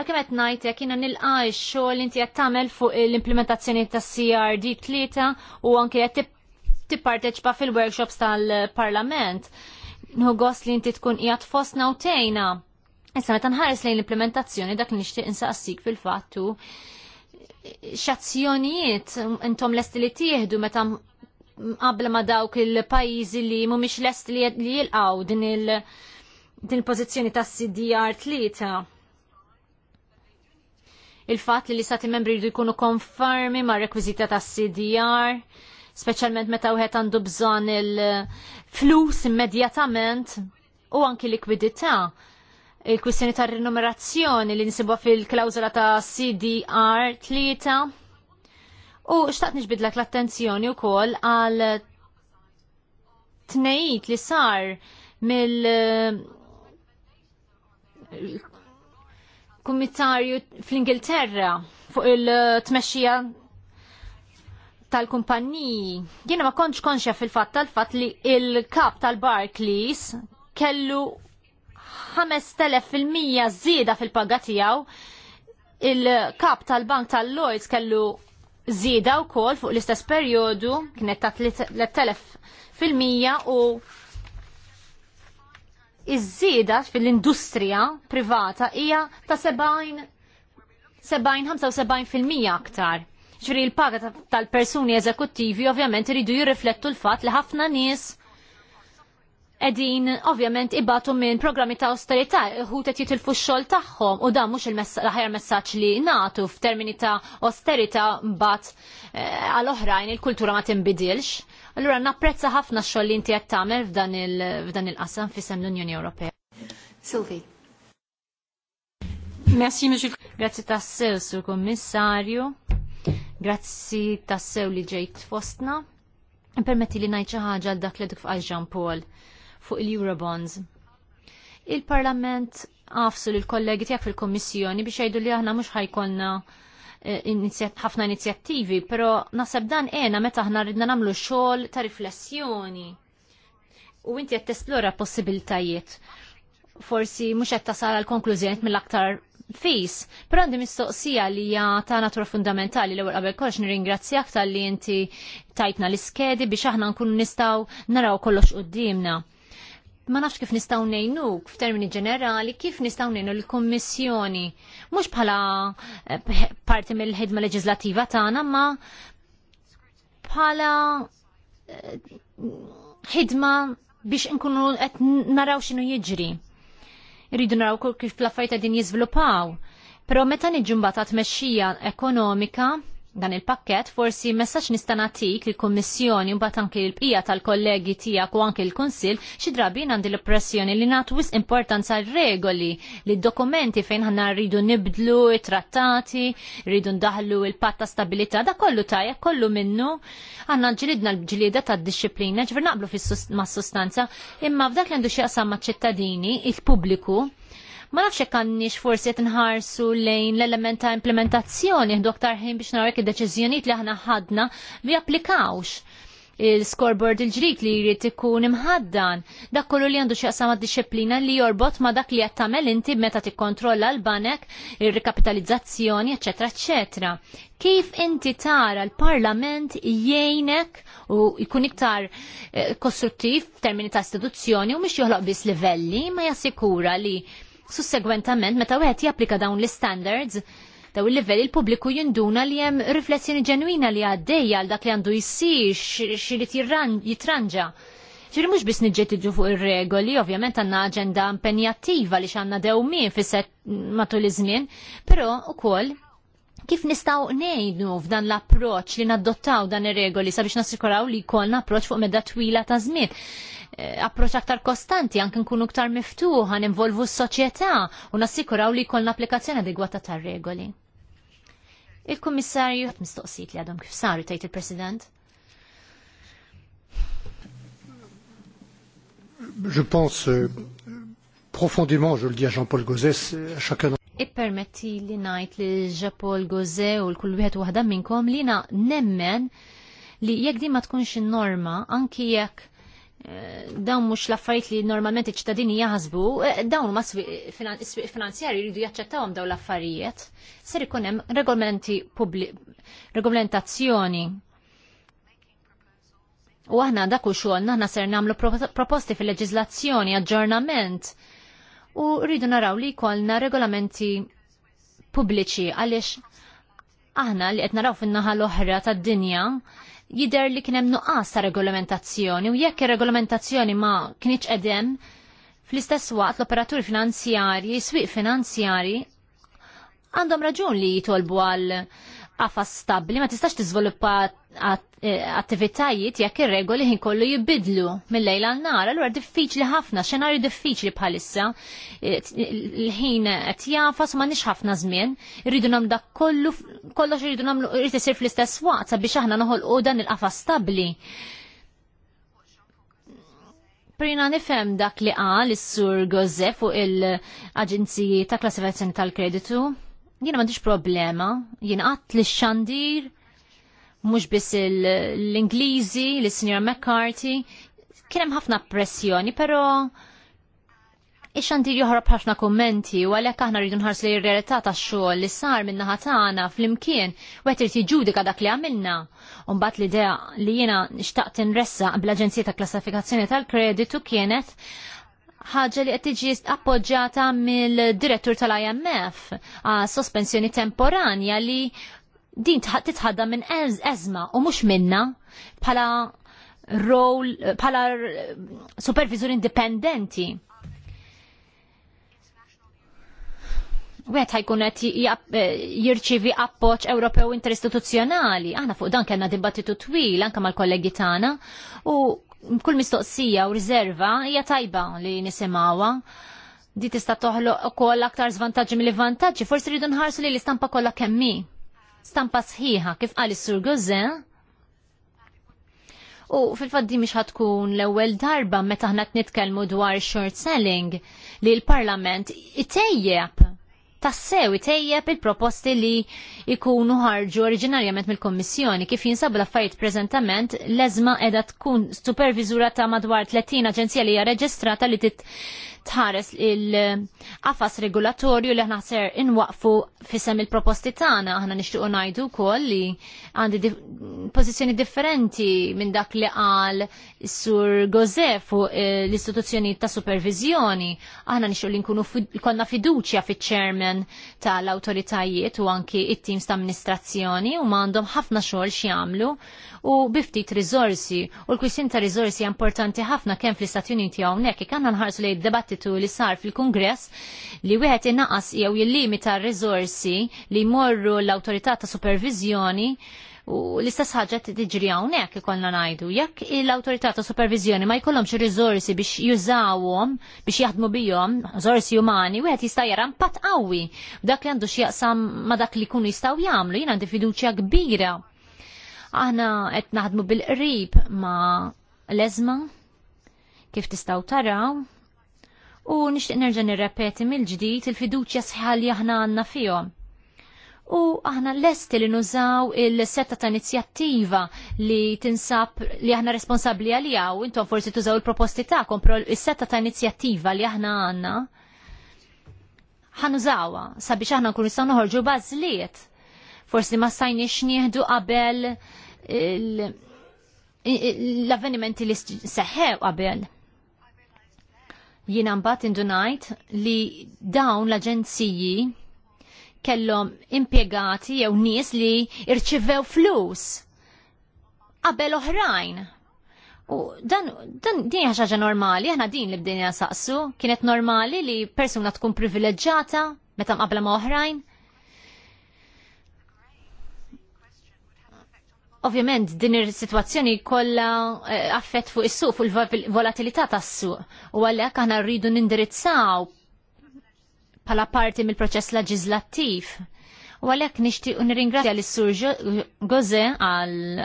għakem għet najt jek jina nilqaj xoll inti għet tamel fuq l-implementazzjoni ta' CRD 3 u anke għet tipparteċpa fil-workshops tal-parlament. għos li inti tkun jgħat fost nawtejna, Issa meta nħares lejn l-implementazzjoni dak li nixtieq insaqsik fil-fattu x'azzjonijiet intom lest li tieħdu meta qabla ma dawk il-pajjiżi li mhumiex lest li jilqgħu din il din il-pożizzjoni tas-CDR tlieta. Il-fatt li l-istati membri jridu jkunu konformi ma' rekwiżita tas-CDR, speċjalment meta wieħed għandu bżonn il-flus immedjatament u anki likwidità il-kwistjoni tar rinumerazzjoni li nsibuha fil-klawzola ta' CDR 3 u xtaqt nixbidlek l-attenzjoni wkoll għal tnejt li sar mill eh, kummitarju fl-Ingilterra fuq il-tmexxija tal-kumpanniji. Jiena ma kontx konxja fil-fatt tal-fatt li il-kap tal-Barclays kellu 5,000% zida fil-paga tijaw. Il-kap tal-bank tal-Lloyds kellu zida u kol fuq l-istess periodu kienet ta' 3,000% u iż-żieda fil-industrija privata hija ta' 70-75% aktar. Ġri l-paga tal-persuni eżekuttivi ovvjament iridu jirriflettu l fatt li ħafna nies edin ovvjament ibatu minn programmi ta' austerità hu qed jitilfu xol xogħol tagħhom u dan mhux l-aħjar messaġġ li nagħtu f'termini ta' austerità mbagħad eh, għal oħrajn il-kultura ma tinbidilx. Allura napprezza ħafna x li inti qed tagħmel f'dan il-qasam fisem l-Unjoni Ewropea. Silvi. Merci, Monsieur. Grazzi tassew, Sur Kommissarju. Grazzi tassew li ġejt fostna. Permetti li ngħid xi ħaġa għal dak li dik f'qajġan Paul fuq il-Eurobonds. Il-Parlament għafsu l kollegi tijak fil-Kommissjoni biex jgħidu li aħna mux ħajkonna eh, ħafna inizjattivi, pero nasab dan ena meta aħna ridna namlu xogħol ta' riflessjoni. U inti qed tesplora possibiltajiet. Forsi mhux qed tasal għal konklużjoniet mill-aktar fis, però għandi mistoqsija li hija ta' natura fundamentali l ewwel qabel kollox nirringrazzjak tal-li inti tajtna l-iskedi biex aħna nkunu nistgħu naraw kollox qudiemna ma nafx kif nistaw nejnuk f'termini ġenerali kif nistaw nejnu l-Kommissjoni mhux bħala eh, parti mill-ħidma leġislativa tagħna ma bħala eh, ħidma biex nkunu qed naraw x'inhu jiġri. Irridu naraw kif l-affarijiet qegħdin jiżviluppaw. Però meta niġu mbagħad tmexxija ekonomika dan il-pakket, forsi messaċ nistanatik il-Kommissjoni u anki l-bqija tal-kollegi tijak u anki l-Konsil, xi drabin għandi l-impressjoni li natu wis importanza regoli li dokumenti fejn ħanna rridu nibdlu trattati, rridu ndaħlu il-patta stabilita, da kollu tajja, kollu minnu, għanna ġilidna l-ġilida ta' disciplina, ġver naqblu ma' sustanza, imma f'dak l għandu xie ma' ċittadini, il-publiku, Ma nafx hekk għandniex forsi qed nħarsu lejn l-element ta' implementazzjoni ħdu aktar ħin biex naraw id-deċiżjonijiet li aħna ħadna li applikawx il-scoreboard il-ġrid li jrid ikun imħaddan. Dak kollu li għandu x'jaqsam disċiplina li jorbot ma dak li qed tagħmel inti meta tikkontrolla l-banek, ir-rikapitalizzazzjoni, eċetera, eċetera. Kif inti tara l-Parlament jgħinek u jkun iktar eh, kostruttiv f'termini ta' istituzzjoni u mhux joħloq biss livelli ma jassikura li sussegwentament meta wieħed japplika dawn l-standards daw il-livell il-pubbliku jinduna li hemm riflessjoni ġenwina li għaddejja għal dak li għandu jissir rid jitranġa. Ġiri mux bis nġetiġu fuq ir-regoli, ovvjament għanna aġenda impenjattiva li xanna dewmin fi set matul iż-żmien, però ukoll Kif nistaw nejdu f'dan l-approċ li naddottaw dan ir-regoli sabiex nassikuraw li jkollna approċ fuq medda twila ta' żmien? Eh, approċ aktar kostanti, anke nkunu aktar miftuħa, ninvolvu s-soċjetà u nassikuraw li jkollna applikazzjoni adegwata tar-regoli. Il-Kummissarju għat mistoqsit li għadhom kif saru tajt il-President. Je pense euh, profondément, je le dis à Jean-Paul Gauzès, à chacun ippermetti li najt li ġapol goze u l-kull wieħed waħda minnkom li na nemmen li jekk din ma tkunx in-norma anki jekk eh, dawn mhux l-affarijiet li normalment iċ-ċittadini jaħsbu, eh, dawn ma s-sbiq finanzjari jridu jaċċettawhom dawn l-affarijiet. Ser ikun hemm regolamenti regolamentazzjoni. U aħna dak u xogħol, aħna ser nagħmlu proposti fil-leġiżlazzjoni, aġġornament u rridu naraw li jkollna regolamenti pubbliċi għaliex aħna li qed naraw fin-naħa l-oħra tad-dinja jidher li kien hemm nuqqas ta' regolamentazzjoni u jekk ir-regolamentazzjoni ma kienieċ edem fl-istess waqt l-operaturi finanzjarji, swieq finanzjari għandhom raġun li jitolbu għal qafas stabli ma tistax tiżviluppa eh, attivitajiet jekk ir-regoli ħin kollu jibidlu mill-lejl għal nar, allura diffiċli ħafna, xenarju diffiċli bħalissa. Eh, l-ħin qed jafas ma nix ħafna żmien, irridu nam dak kollu kollox irridu nagħmlu irid isir fl-istess waqt sabiex aħna noħolqu dan il-qafas stabbli. Prina nifem dak li qal is-sur Gozzef fuq il-Aġenziji ta' Klassifikazzjoni tal-Kreditu Jiena m'għandix problema, jina qatt li xandir mhux biss l-Ingliżi, l-Sinjor McCarthy, kien hemm ħafna pressjoni, però ix-xandir joħrob ħafna kummenti u għalhekk aħna rridu nħarsu li r-realtà tax-xogħol li sar min-naħa tagħna flimkien u qed irid dak li għamilna. U mbagħad l-idea li jiena nixtaqt inressa bl-Aġenzija ta' Klassifikazzjoni tal-Kreditu kienet ħaġa li qed tiġi appoġġjata mill-direttur tal-IMF għal sospensjoni temporanja li din titħadda minn ezma u mhux minna bħala rol bħala eh, supervisor indipendenti. Wieħed ħajkun qed eh, jirċivi appoġġ Ewropew interistituzjonali. Aħna fuq dan kellna dibattitu twil anke mal-kollegi tagħna u kull mistoqsija u riserva hija tajba li nisimawa. Di tista' toħloq ukoll aktar zvantaġġi mill vantaġġi, forsi rridu nħarsu li l-istampa kollha kemm Stampa sħiħa kif qal is-Sur U fil-faddi mhix ħatkun l-ewwel darba meta qed nitkellmu dwar short selling li l-Parlament itejjeb tassew itejjeb il-proposti li ikunu ħarġu oriġinarjament mill-Kommissjoni kif jinsab l-affarijiet preżentament l ezma edha tkun supervizura ta' madwar 30 aġenzija li hija reġistrata li tit tħares il-qafas regulatorju li aħna inwaqfu fisem il-proposti tagħna aħna nixtiequ ngħidu wkoll li għandi dif pożizzjoni differenti minn dak li qal sur Gozef fuq eh, l-istituzzjoni ta' supervizjoni. Aħna nixtiequ li nkunu konna fiduċja fiċ-chairman tal-awtoritajiet u anki it-teams ta' amministrazzjoni u mandom ħafna xogħol x'jagħmlu u biftit rizorsi. u l-kwisin ta' rizorsi importanti ħafna kemm fl-Istati Uniti hawnhekk ikkanna nħarsu lejn debatti dibattitu li sar fil-Kongress li wieħed innaqas jew jillimita r-riżorsi li jmorru l-awtorità ta' supervizjoni u l-istess ħaġa tiġri hawnhekk ikollna ngħidu. Jekk l-awtorità ta' supervizjoni ma jkollhomx riżorsi biex jużawhom biex jaħdmu bihom, riżorsi umani, wieħed jista' jara mpat qawwi. Dak li għandu x'jaqsam ma dak li jkunu jistgħu jagħmlu, jien għandi fiduċja kbira. Aħna qed naħdmu bil-qrib ma' leżma kif tistgħu taraw u nixtieq nerġa' nirrepeti mill-ġdid il-fiduċja sħal jahna aħna għandna fihom. U aħna lesti li nużaw il-setta ta' inizjattiva li tinsab li aħna responsabli għalija u intom forsi tużaw il-proposti ta' kompro il-setta ta' inizjattiva li aħna għanna ħanużawa sabiex aħna nkunu nistgħu noħorġu bażliet. Forsi ma stajniex nieħdu qabel l-avvenimenti li seħħew qabel. Jiena mbagħad indunajt li dawn l-aġenziji kellhom impjegati jew nies li irċivew flus qabel oħrajn. U dan, dan din ħaġa normali, aħna din li bdejna saqsu, kienet normali li persuna tkun privileġġata meta mqabla ma' oħrajn. Ovvjament din ir-sitwazzjoni kolla eh, affett fuq is-suq fuq il-volatilità tas-suq u għalhekk aħna rridu nindirizzaw bħala parti mill-proċess leġislattiv. U għalhekk nixtieq nirringrazzja lis sur għal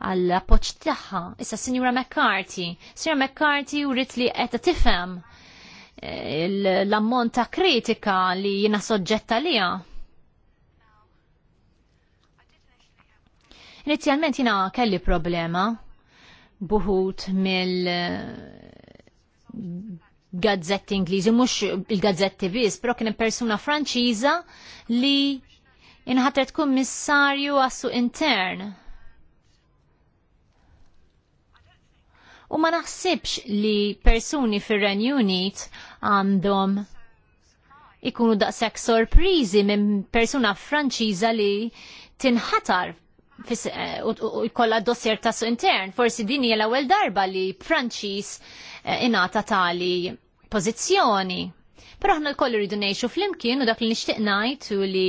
għall appoġġ tagħha. Issa Sinjura McCarthy. Sinjura McCarthy urid li qed tifhem eh, l-ammont ta' kritika li jiena soġġetta liha Inizjalment jina kelli problema buħut mill eh, gazzetti Ingliżi, mhux il-gazzetti biss, però kien persuna Franċiża li inħatret kummissarju għassu intern. U ma naħsibx li persuni fir-Renju Unit għandhom ikunu daqshekk sorpriżi minn persuna Franċiża li tinħatar Eh, u jkolla dossier ta' su intern. Forsi din hija l-ewwel darba li Franċiż eh, ingħata tali pożizzjoni. Però aħna l-koll irridu ngħixu flimkien u dak li nixtieq ngħid u li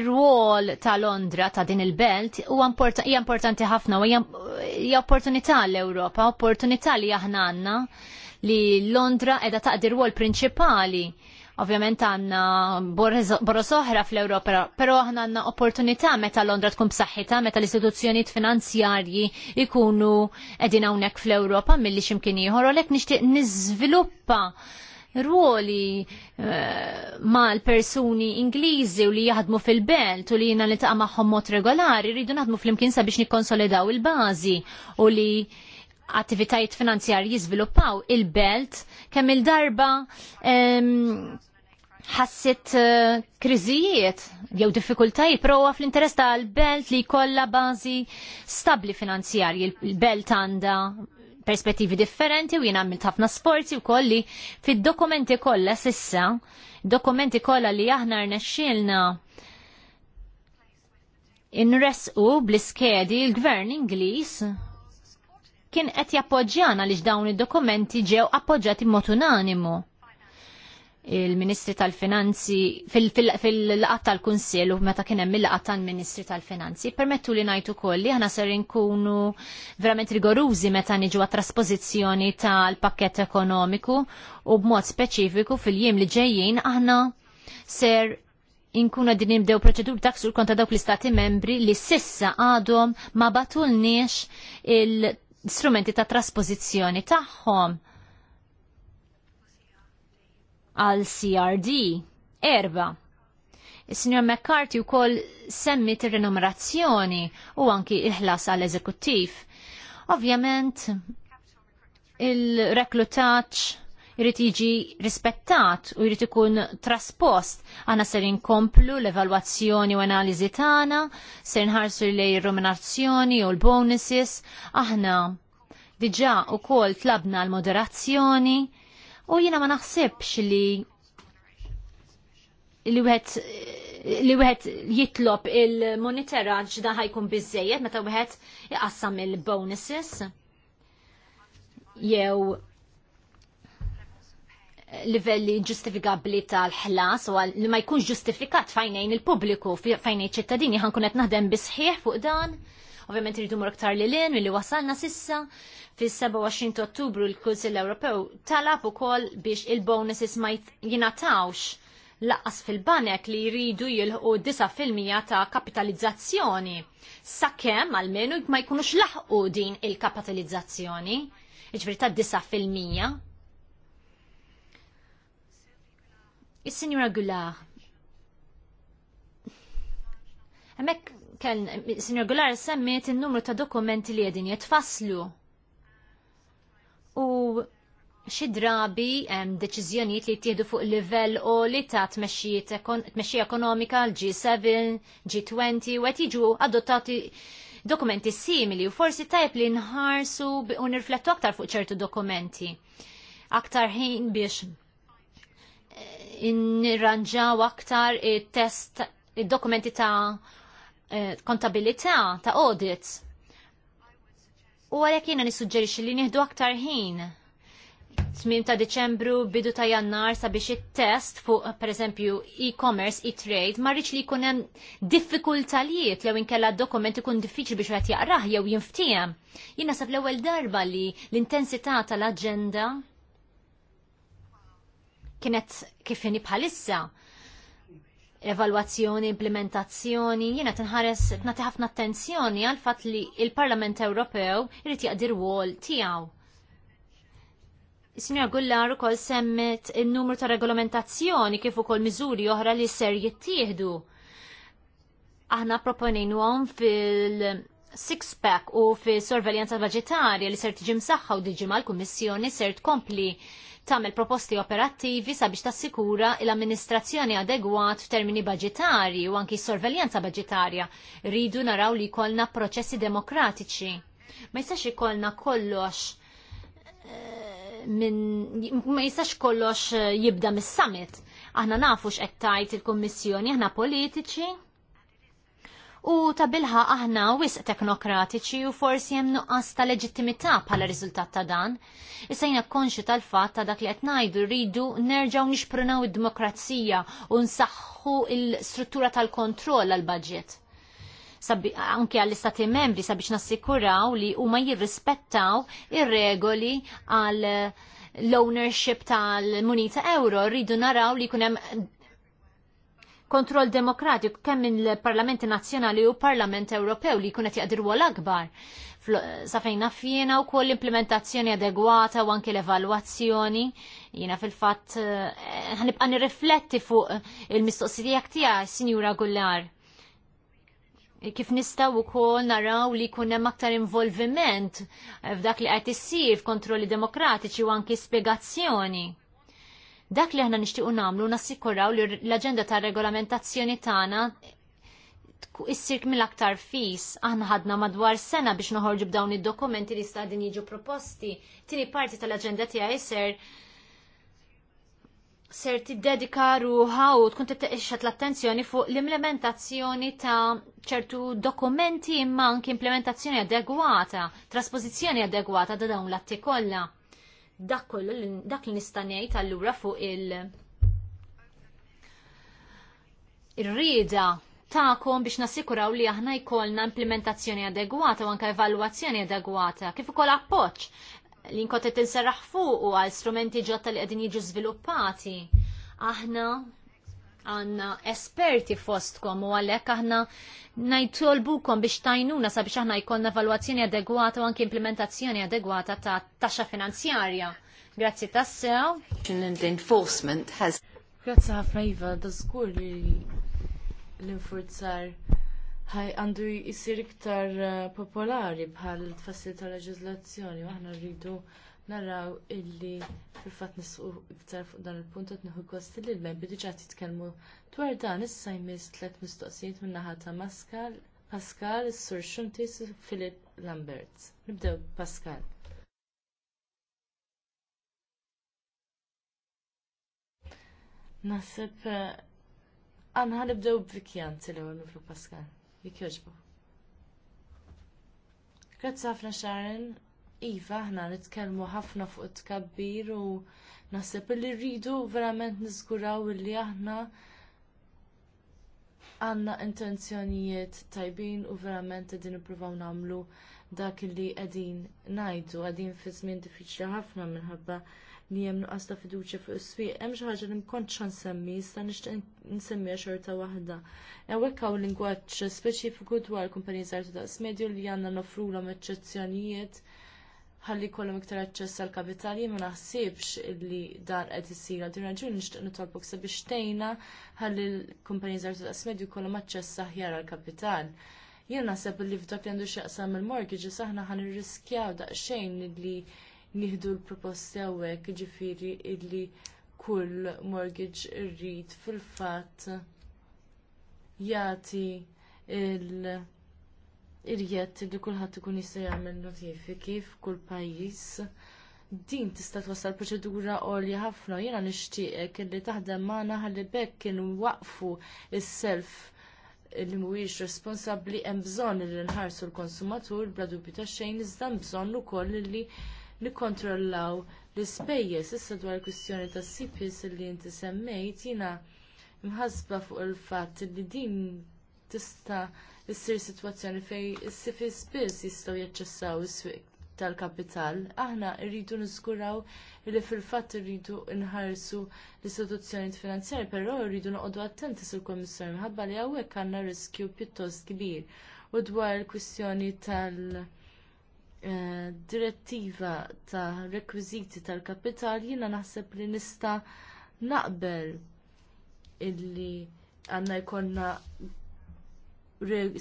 ir-rwol ta' Londra ta' din il-belt huwa hija importanti ħafna u hija opportunità l-Ewropa, opportunità li aħna għandna li Londra qiegħda taqdi rwol prinċipali Ovvjament għanna borra soħra fl-Europa, pero aħna għanna opportunità meta Londra tkun b'saħħitha, meta l-istituzzjonijiet finanzjarji ikunu edin hawnhekk fl-Europa milli ximkien ieħor, għalhekk nixtieq niżviluppa ruoli uh, eh, ma l-persuni Ingliżi u li jaħdmu fil-belt u li jina li taqa maħħom mod regolari, rridu naħdmu fl-imkien sabiex nikkonsolidaw il-bazi u li attivitajiet finanzjarji jiżviluppaw il-belt kemm il-darba ħassit eh, kriżijiet jew diffikultajiet prowa fl-interess tal-belt li jkollha bażi stabbli finanzjarji. Il-belt għandha perspettivi differenti u jien għamilt ħafna sforzi wkoll li fid-dokumenti kollha sissa, dokumenti kollha li aħna rnexxielna inresqu bl-iskedi l-gvern Ingliż kien qed jappoġġjana li dawn id-dokumenti ġew appoġġjati mod unanimu il-Ministri tal-Finanzi fil-laqat fil, laqgħa fil tal kunsill u meta kien hemm il laqgħa tal-Ministri tal-Finanzi. Permettu li ngħidu ukoll li aħna ser inkunu verament rigorużi meta niġu għat-traspożizzjoni tal-pakkett ekonomiku u b'mod speċifiku fil-jiem li ġejjin aħna ser inkunu din nibdew proċedur taksur konta dawk l-istati membri li sissa għadhom ma batulniex il- strumenti ta' traspożizzjoni tagħhom għal CRD. Erba. Is-Sinjor McCarthy koll semmit il renumerazzjoni u anki il-ħlas għal eżekuttiv. Ovvjament, il-reklutaċ irrit jiġi rispettat u jrid ikun traspost. Għana ser inkomplu l-evalwazzjoni u analiżi tagħna, ser nħarsu lej ruminazzjoni u l-bonuses, aħna diġà kol tlabna l-moderazzjoni u jiena ma naħsibx li li wieħed li wieħed jitlob il monitera ġda ħajkun biżejjed meta wieħed iqassam il-bonuses jew livelli ġustifikabli tal-ħlas u li ma jkunx ġustifikat fajnejn il-pubbliku, fajnejn ċittadini, ħan kunet naħdem bisħieħ fuq dan. Ovvjament rridu mor aktar li l-in, milli wasalna sissa fis-27 Ottubru l-Kunsill Ewropew talab ukoll biex il-bonuses ma jingħatawx laqqas fil-banek li jridu jilħu 9% ta' kapitalizzazzjoni. Sakemm għalmenu ma jkunux laħqu din il-kapitalizzazzjoni, iġbri ta' 9%. Is-Sinjura Gullar. Hemmhekk kell Sinjur Gular semmiet in-numru ta' dokumenti li qegħdin jitfasslu. U xi drabi hemm deċiżjonijiet li jittieħdu fuq livell li ta' tmexxija ekonomika l-G7, G20 u qed jiġu adottati dokumenti simili u forsi tajb li nħarsu u nirflettu aktar fuq ċertu dokumenti. Aktar ħin biex nirranġaw aktar il-test, il-dokumenti ta' eh, kontabilità, ta' audit. U għalek jena nissuġġerixi li nieħdu aktar ħin. Tmim ta' Deċembru, bidu ta' Jannar sabiex it-test fuq pereżempju e-commerce, e-trade, ma rridx li jkun hemm diffikultalijiet jew inkella dokument ikun diffiċli biex wieħed jaqrah jew jinftijem. Jina sab l-ewwel darba li l-intensità tal agenda kienet kifini bħalissa evalwazzjoni, implementazzjoni, jiena tinħares nagħti ħafna attenzjoni għal fatt li l parlament Ewropew irid jaqdir wol tiegħu. Is-Sinjor Gullar ukoll semmet in-numru ta' regolamentazzjoni kif ukoll miżuri oħra li ser jittieħdu. Aħna għom fil six pack u fis sorveljanza vegetarja li ser tiġi msaħħa u diġi mal-Kummissjoni ser tkompli tagħmel proposti operattivi sabiex tassikura l-amministrazzjoni adegwat f'termini budgetari u anki sorveljanza budgetarja. Ridu naraw li jkollna proċessi demokratiċi. Ma jistax ikollna kollox eh, minn ma jistax kollox eh, jibda mis-summit. Aħna nafux qed tajt il-Kummissjoni, aħna politiċi, u ta' bilħa aħna wisq teknokratiċi u forsi hemm nuqqas ta' leġittimità bħala riżultat ta' dan. Issa jina konxi tal-fatt ta' dak li qed ngħidu rridu nerġgħu nixprunaw id-demokrazija u nsaħħu l-struttura tal-kontroll għal budget Sabi, anke għall-istati membri sabiex nassikuraw li huma jirrispettaw ir-regoli għal l-ownership tal-munita euro rridu naraw li kunem kontroll demokratiku kemm minn l-Parlamenti Nazzjonali u Parlament Ewropew li jkun qed jaqdir akbar. Sa fejn naf jiena wkoll l-implementazzjoni adegwata u anke l-evalwazzjoni. Jiena fil-fatt eh, ħanibqa' nirrifletti fuq il-mistoqsijak tiegħek, Sinjura Gullar kif nistaw u kol naraw li kunem aktar involviment f'dak li għajt issir f'kontrolli demokratiċi u anki spiegazzjoni Dak li aħna nixtiequ nagħmlu nassikuraw li l-aġenda ta' regolamentazzjoni tagħna issir mill-aktar fis. Aħna ħadna madwar sena biex noħorġu b'dawn id-dokumenti li stadin jiġu proposti. Tieni parti tal-aġenda tiegħi ser ser tiddedika ruħa u tkun titteqixxat l-attenzjoni fuq l-implementazzjoni ta' ċertu dokumenti imma anki implementazzjoni adegwata, trasposizzjoni adegwata da dawn l-atti kollha dak kollu dak li nista' ngħid allura fuq il ir-rieda ta'kom biex nassikuraw li aħna jkollna implementazzjoni adegwata u anke evalwazzjoni adegwata, kif ukoll appoġġ li nkot qed inserraħ fuq u għal strumenti ġodda li qegħdin jiġu żviluppati. Aħna għanna esperti fostkom u għalek aħna najtolbukom biex tajnuna sabiex aħna jkollna valwazzjoni adegwata u anke implementazzjoni adegwata ta' taxxa finanzjarja. Grazzi tassew. Enforcement has. Grazzi ħafna Iva, da żgur li l-infurzar ħaj għandu jisir iktar eh, popolari bħal tfassil tal-leġizlazzjoni, aħna rridu naraw illi fil-fatt nisqu iktar fuq dan il-punt qed nieħu gost li l-membri diġà titkellmu dwar dan issa jmiss tliet mistoqsijiet min-naħa ta' Pascal, Pascal, is-Sur Xunti, Filip Lambert. Nibdew Pascal. Naħseb eh, għanna nibdew b'vikjanti l-ewwel Pascal. Jekk jogħġbu. Grazzi ħafna Sharon Iva, aħna nitkellmu ħafna fuq it tkabbir u naħseb li rridu verament niżguraw li aħna għandna intenzjonijiet tajbin u verament qegħdin nippruvaw nagħmlu dak li qegħdin ngħidu qegħdin fi żmien diffiċli ħafna minħabba li hemm nuqqas ta' fiduċja fuq is-swieq, hemm xi ħaġa li mkontx nsemmi, issa nixtieq nsemmiha xorta waħda. Hawnhekk hawn lingwaġġ speċifiku dwar kumpaniji żgħar ta' smedju li għandna nofrulhom eċċezzjonijiet ħalli jkollhom iktar aċċess għal kapitali ma naħsibx li dan qed isir għal din raġuni nixtieq nitolbok sabiex tgħinna ħalli l-kumpaniji żgħar ta' jkollhom aċċess aħjar għal kapital. Jien naħseb li f'dak li għandu x'jaqsam il-mortgages aħna ħan irriskjaw daqsxejn illi nieħdu l-proposti hawnhekk ġifieri illi kull mortgage irrid fil-fatt jagħti il- irjet li kulħadd ikun jista' jagħmel notifiki f'kull pajjiż. Din tista' twassal proċedura għolja ħafna jiena nixtieqek li taħdem magħna ħalli bekk kienu waqfu is-self li mhuwiex responsabbli hemm bżonn li nħarsu l-konsumatur bla dubju ta' xejn iżda hemm bżonn ukoll li nikkontrollaw l-ispejjeż issa dwar il-kwistjoni tas-sipis li inti semmejt jiena mħassba fuq il-fatt li din tista' issir sitwazzjoni fejn is-sifis spiss jistgħu jaċċessaw is-swieq tal-kapital. Aħna rridu niżguraw li fil-fatt irridu nħarsu l-istituzzjoni finanzjarji, però rridu noqogħdu attenti sur kummissarju minħabba li hawnhekk għandna riskju pjuttost kbir. U dwar il-kwistjoni tal- eh, direttiva ta' rekwiżiti tal-kapital jiena naħseb li nista naqbel illi għandna jkollna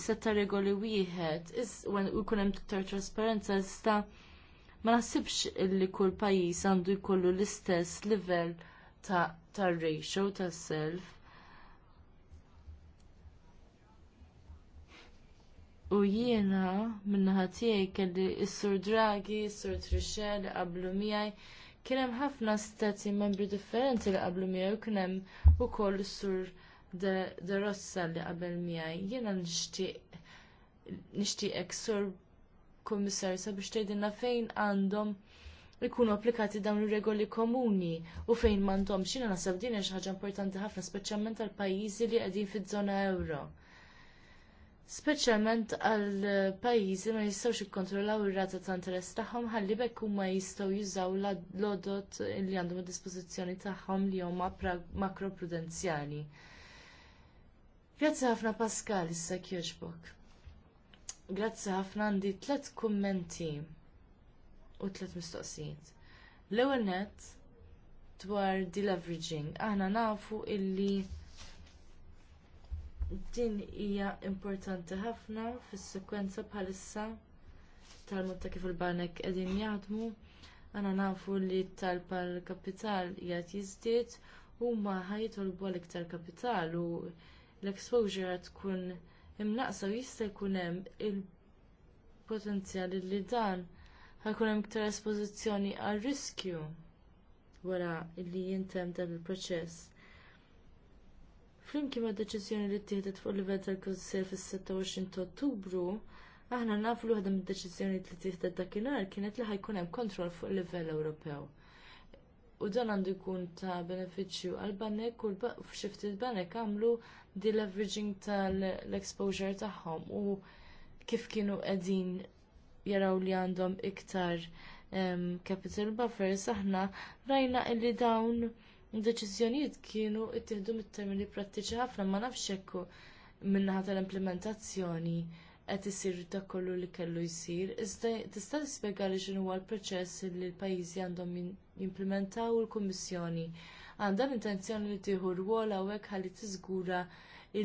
setta regoli wieħed, u jkun hemm iktar trasparenza, sta ma naħsibx li kull pajjiż għandu jkollu l-istess livell ta', ta ratio ta' self. U jiena min-naħa tiegħi kelli s-sur Draghi, s-sur Trixxel li qablu miegħi kien hemm ħafna stati membri differenti li qablu miegħi u kien hemm ukoll is-sur Derossa li qabel miegħi. Jiena nixtieq nixtieqek sur kummissar sabiex tgħidilna fejn għandhom ikunu applikati dawn ir regoli komuni u fejn m'għandhomx. Jiena naħseb din hija xi ħaġa importanti ħafna speċjalment għal pajjiżi li qegħdin fiż-żona ewro. Speċjalment għal pajjiżi ma jistgħux ikkontrollaw ir-rata ta' interess tagħhom ħalli bekk huma jistgħu jużaw l-odot li għandhom id-dispożizzjoni tagħhom li huma makroprudenzjali. Grazzi ħafna Pascal issa kjoġbok. Grazzi ħafna għandi tlet kummenti u tlet mistoqsijiet. L-ewwel net dwar deleveraging. Aħna nafu illi din hija importanti ħafna fis-sekwenza bħalissa tal-mutta kif il-banek qegħdin jaħdmu. Aħna nafu li t-talpa l kapital jgħat jiżdied huma ħajtolbu l-iktar kapital u l-exposure tkun imnaqsa u jista' jkun hemm il-potenzjal li dan ħakun hemm iktar espożizzjoni għal riskju wara li jintem dan il-proċess. Flimkien mad deċiżjoni li ttieħdet fuq livell tal-Kunsill fis-26 ta' Ottubru, aħna nafu li waħda mid-deċiżjoni li ttieħdet dakinhar kienet li ħajkun hemm kontroll fuq livell Ewropew u dan għandu jkun ta' benefiċċju għal-banek u f'xift il-banek għamlu deleveraging tal-exposure tagħhom u kif kienu qegħdin jaraw li għandhom iktar capital buffers aħna rajna li dawn deċiżjonijiet kienu ttieħdu mit-termini prattiċi ħafna ma nafx hekk min-naħa tal-implementazzjoni qed isir dak kollu li kellu jsir. Iżda tista' tispjega li x'inhu l-proċess li l-pajjiżi għandhom jimplementaw il-Kummissjoni għandha l-intenzjoni li tieħu rwol hawnhekk ħalli tiżgura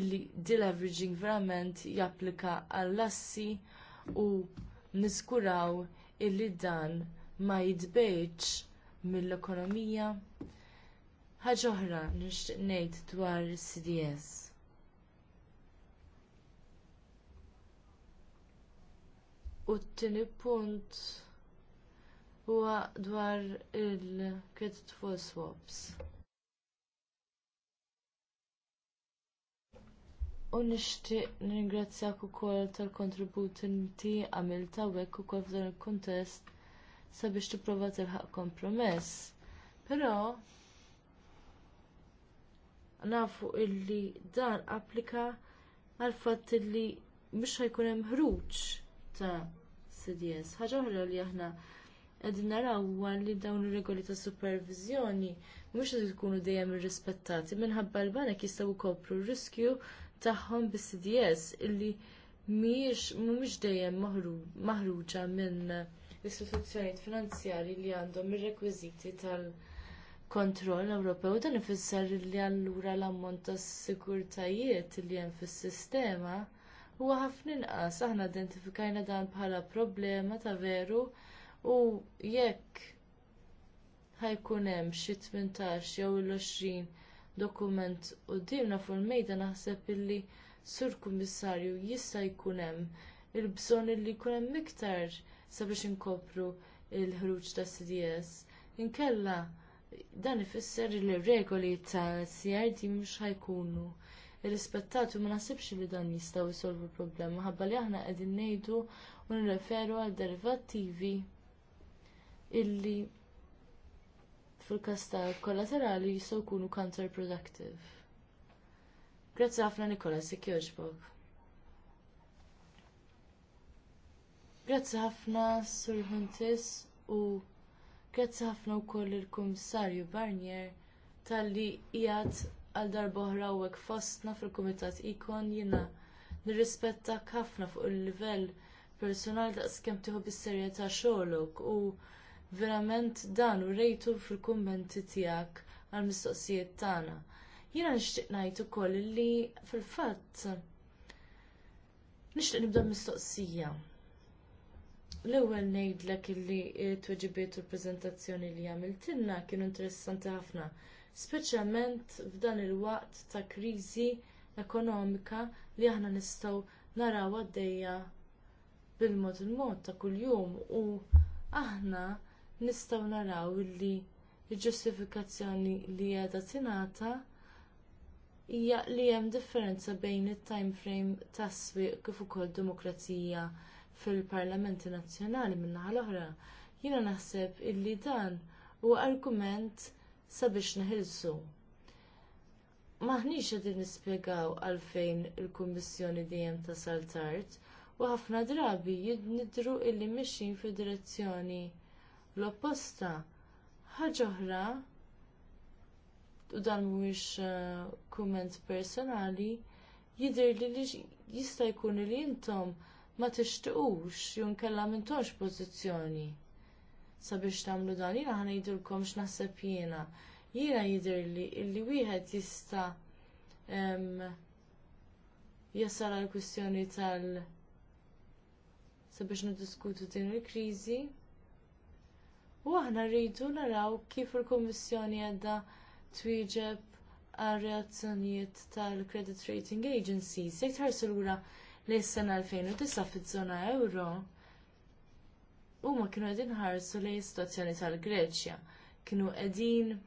li deleveraging verament japplika għall-assi u niskuraw illi dan ma jitbejċ mill-ekonomija. Ħaġa oħra nixtieq ngħid dwar CDS. U t-tieni punt huwa dwar il-credit for swaps. U nixtieq ningrazzjak ukoll tal-kontributinti għamilta hekk ukoll f'dan il-kuntest sabiex tipprova tilħaq kompromess. Però nafu illi dan applika għal fatt illi mhux jkun hemm ħruġ ta' CDS. Ħaġa li aħna qegħdin naraw li dawn ir-regoli ta' supervizjoni mhux qed ikunu dejjem irrispettati minħabba l-banek jistgħu jkopru r-riskju tagħhom bis-CDS illi mhijiex mhumiex dejjem maħruġa minn l-istituzzjonijiet finanzjarji li għandhom ir-rekwiżiti tal-kontroll Ewropew dan ifisser li allura l-ammont ta' sigurtajiet li hemm fis-sistema huwa ħafna inqas aħna identifikajna dan bħala problema ta' veru u jekk jkun hemm xi tmintax jew l-20 dokument qudiemna fuq il-mejda naħseb illi sur kummissarju jista' jkun hemm il-bżonn li jkun hemm iktar sabiex inkopru l-ħruġ ta' CDS. Inkella dan ifisser li r regoli ta' CRD mhux ħajkunu irrispettati u ma naħsibx li dan jistgħu jsolvu l problema ħabba li aħna qegħdin ngħidu u nirreferu għal derivattivi illi fil-kas ta' kollaterali jistgħu jkunu counterproductive. Grazzi ħafna Nikola, jogħġbok. Grazzi ħafna Sur Huntis u grazzi ħafna wkoll il-Kummissarju Barnier talli qiegħed għal darb'oħra hawnhekk fostna fil-Kumitat Ikon jiena nirrispettak ħafna fuq il-livell personali daqskemm tieħu bis-serjetà xogħolok u verament dan u rejtu fil-kummenti tiegħek għall mistoqsijiet tagħna. Jiena nixtieq ngħid ukoll li fil-fatt nixtieq nibda mistoqsija. L-ewwel ngħidlek illi t-tweġibiet u l-preżentazzjoni li għamiltilna kienu interessanti ħafna, speċjalment f'dan il-waqt ta' kriżi ekonomika li aħna nistgħu naraw għaddejja bil-mod il-mod ta' kuljum u aħna nistgħu naraw li l-ġustifikazzjoni li qiegħda tingħata hija li hemm differenza bejn it-time frame tas-swieq kif ukoll demokrazija fil-parlamenti nazzjonali min-naħa l-oħra. Jiena naħseb illi dan huwa argument sabiex neħilsu M'aħniex qegħdin nispjegaw għalfejn il kummissjoni dejjem tasal tard u ħafna drabi jidnidru illi mixin fi direzzjoni l-opposta. Ħaġa oħra u dan mhuwiex eh, kumment personali, jidher li, li jista' jkun li intom ma tixtiqux jew nkella m'intomx pożizzjoni. Sabiex tagħmlu dan jiena ħa ngħidulkom x'naħseb jiena. Jiena jidher li wieħed jista' jasal għall kwistjoni tal- sabiex niddiskutu din il-kriżi U aħna rridu naraw kif il-Kummissjoni għadha twieġeb għal reazzjonijiet tal-Credit Rating Agencies. Jek tħarsu lura li s-sena 2009 fiż-żona euro huma kienu qegħdin ħarsu lejn is tal-Greċja. Kienu qegħdin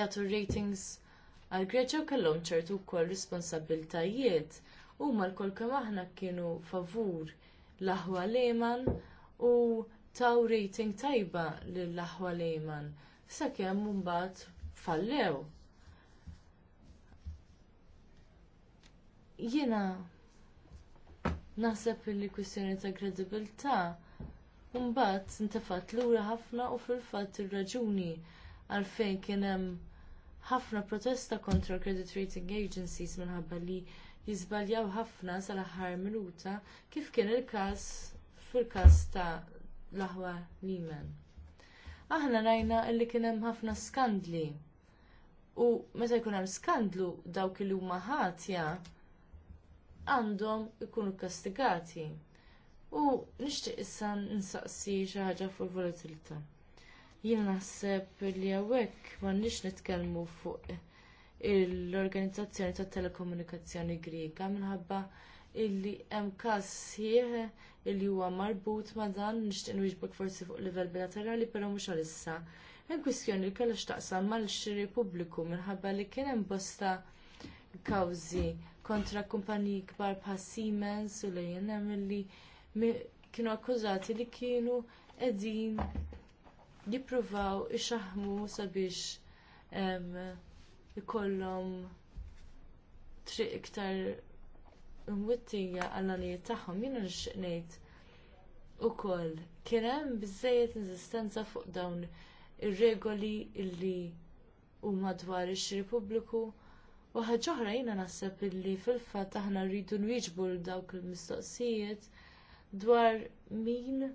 jagħtu ratings għall Greċja u kellhom ċertu wkoll responsabbiltajiet. Huma lkoll kemm aħna kienu favur l-aħwa Lehman u taw rating tajba lill-aħwa lejman sakemm mbagħad fallew. Jiena naħseb li kwistjoni ta' kredibilità mbagħad intefat lura ħafna u fil-fatt ir-raġuni għalfejn kien hemm ħafna protesta kontra credit rating agencies minħabba li jiżbaljaw ħafna sal-aħħar minuta kif kien il-każ fil-każ ta' l-aħwar Lehman. Aħna rajna li kien hemm ħafna skandli. U meta jkun hemm skandlu dawk li huma ħatja għandhom ikunu kastigati. U nixtieq issa nsaqsi xi ħaġa fuq volatilità. Jiena naħseb li hawnhekk m'għandniex nitkellmu fuq l-organizzazzjoni tat telekomunikazzjoni Griega minħabba illi hemm każ sħiħ illi huwa marbut ma' dan nixtieq nwieġbek forsi fuq livell bilaterali però mhux għalissa. Hemm kwistjoni li kellha x'taqsam mal-xiri pubbliku minħabba li kien hemm bosta kawżi kontra kumpaniji kbar bħal Siemens u l-A&M kienu akkużati li kienu qegħdin jippruvaw ixaħmu sabiex ikollhom triq iktar imwittija għall-għalijiet tagħhom jiena nixtieq ngħid ukoll kien hemm biżżejjed inżistenza fuq dawn ir-regoli illi huma dwar ix-xiri pubbliku u ħaġa oħra jiena naħseb illi fil-fatt aħna rridu nwieġbu l dawk il-mistoqsijiet dwar min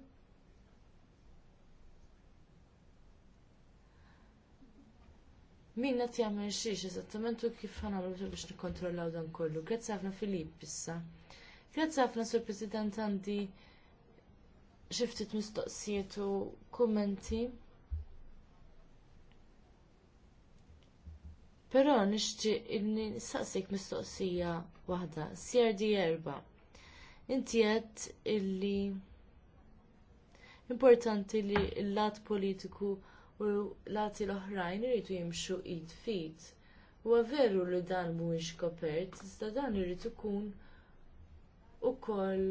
min qed jagħmel xiex eżattament u kif ħanamlu biex nikkontrollaw dan kollu. Grazzi għafna Filip issa. Grazzi ħafna Sur President għandi xi ftit mistoqsijiet u kummenti. Però nixtieq ni saqsik mistoqsija waħda, CRD erba. Inti qed illi importanti li l-lat politiku u lati l-oħrajn iridu jimxu id fit. Huwa veru li dan mhuwiex kopert, iżda dan irid ikun ukoll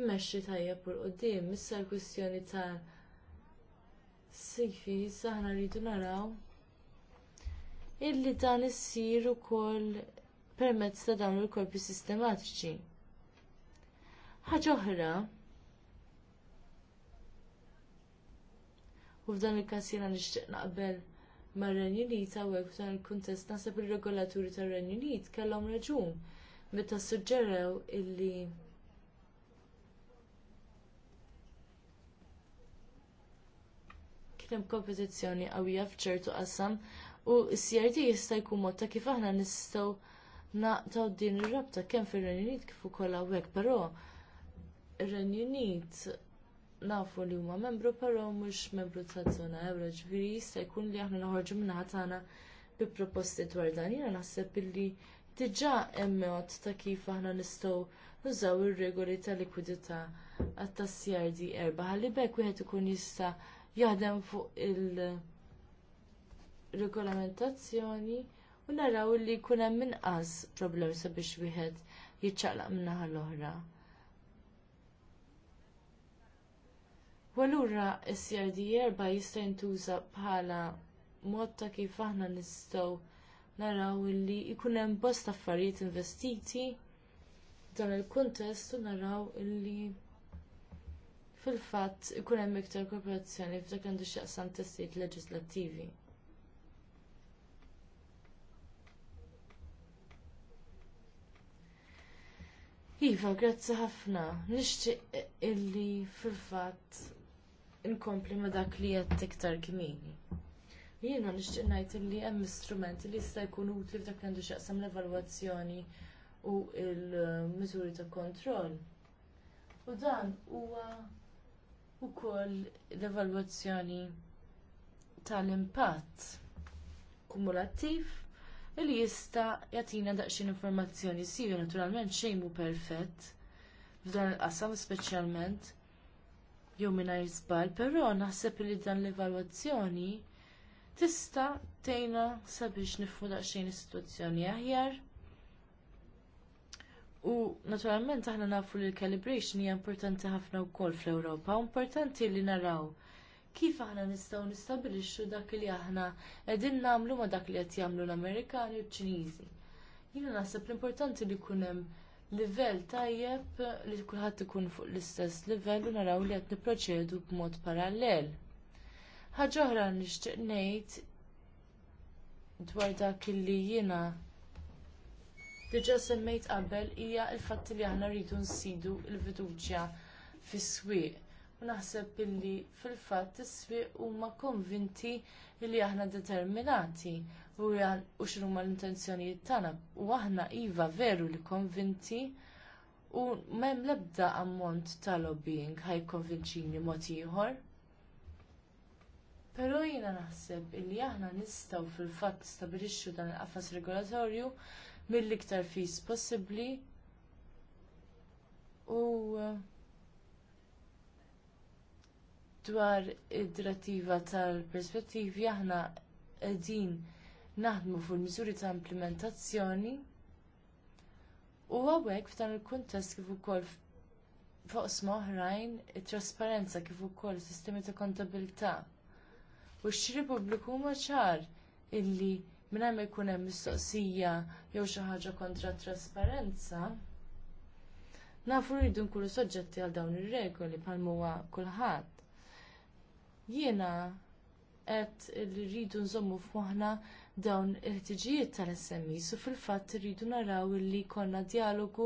immexxi tajjeb u l issa l-kwistjoni ta' sifi, issa aħna rridu naraw illi dan issir ukoll permezz ta' dawn il-korpi sistematiċi. Ħaġa oħra, U f'dan il-każ jiena nixtieq naqbel mar-Renju Unit hawnhekk f'dan il-kuntest naħseb ir-regolaturi tar-Renju Unit kellhom raġun meta suġġeraw illi kien hemm kompetizzjoni qawwija f'ċertu qasam u s-CRT jista' jkun mod ta' kif aħna nistgħu naqtaw din ir-rabta kemm fir-Renju Unit kif ukoll hawnhekk, però ir-Renju Unit nafu li huma membru però mhux membru taż-żona ewra ġifieri jista' jkun li aħna noħorġu minn tagħna bi proposti dwar dan. Jiena naħseb illi diġà hemm mod ta' kif aħna nistgħu nużaw ir-regoli tal likwidità għat-tassjardi erba' ħalli b'hekk wieħed ikun jista' jaħdem fuq il-regolamentazzjoni u naraw li jkun hemm inqas problemi sabiex wieħed jiċċaqlaq min-naħa l-oħra. U allura s-CRD erba' jista' jintuża bħala mod ta' kif aħna nistgħu naraw li jkun hemm bosta affarijiet investiti dan il-kuntest u naraw illi fil-fatt ikun hemm iktar korporazzjoni f'dak għandu x'jaqsam testijiet leġislattivi. Iva, grazzi ħafna. Nixtieq illi fil-fatt inkompli ma dak li għedt iktar kmieni. Jiena nixtieq ngħid li hemm istrumenti li jista' jkun utli f'dak li għandu x'jaqsam l-evalwazzjoni u l-miżuri ta' kontroll. U dan huwa wkoll l-evalwazzjoni tal-impatt kumulattiv li jista' jagħtina daqsxejn informazzjoni siju naturalment xejn mhu perfett f'dan il-qasam speċjalment jew mingħajr żball, però naħseb li dan l-evalwazzjoni tista' tgħinna sabiex nifhmu daqsxejn is-sitwazzjoni aħjar. U naturalment aħna nafu li l-calibration hija importanti ħafna wkoll fl-Ewropa, u importanti li naraw kif aħna nistgħu nistabilixxu dak li aħna qegħdin nagħmlu ma dak li qed jagħmlu l-Amerikani u ċ-Ċiniżi. Jiena naħseb l-importanti li jkun hemm livell tajjeb li kulħadd ikun fuq l-istess livell u naraw li qed nipproċedu b'mod parallel. Ħaġa oħra nixtieq ngħid dwar dak li jiena diġà semmejt qabel hija l-fatt li aħna rridu nsidu l-fiduċja fis-swieq. U naħseb illi fil-fatt is-swieq huma konvinti li aħna determinati u x'huma l-intenzjonijiet tagħna. U aħna iva veru li konvinti u m'hemm l-ebda ammont ta' lobbying ħajkonvinċini mod ieħor. Però jiena naħseb illi aħna nistgħu fil-fatt stabilixxu dan il-qafas regolatorju mill-iktar fis possibbli u dwar id drattiva tal-perspettivi aħna qegħdin naħdmu fuq il-miżuri ta' implementazzjoni u għawek f'dan il-kuntest kif ukoll f'oqsma oħrajn it-trasparenza kif ukoll sistemi ta' kontabilità. U x-xiri pubbliku huma ċar illi minn hemm ikun hemm mistoqsija jew xi ħaġa kontra t trasparenza. Nafu rridu nkunu soġġetti għal dawn ir-regoli bħal huwa kulħadd. Jiena qed rridu nżommu f'moħħna dawn il-ħtiġijiet tal-SMI su fil-fatt irridu naraw li jkollna dijalogu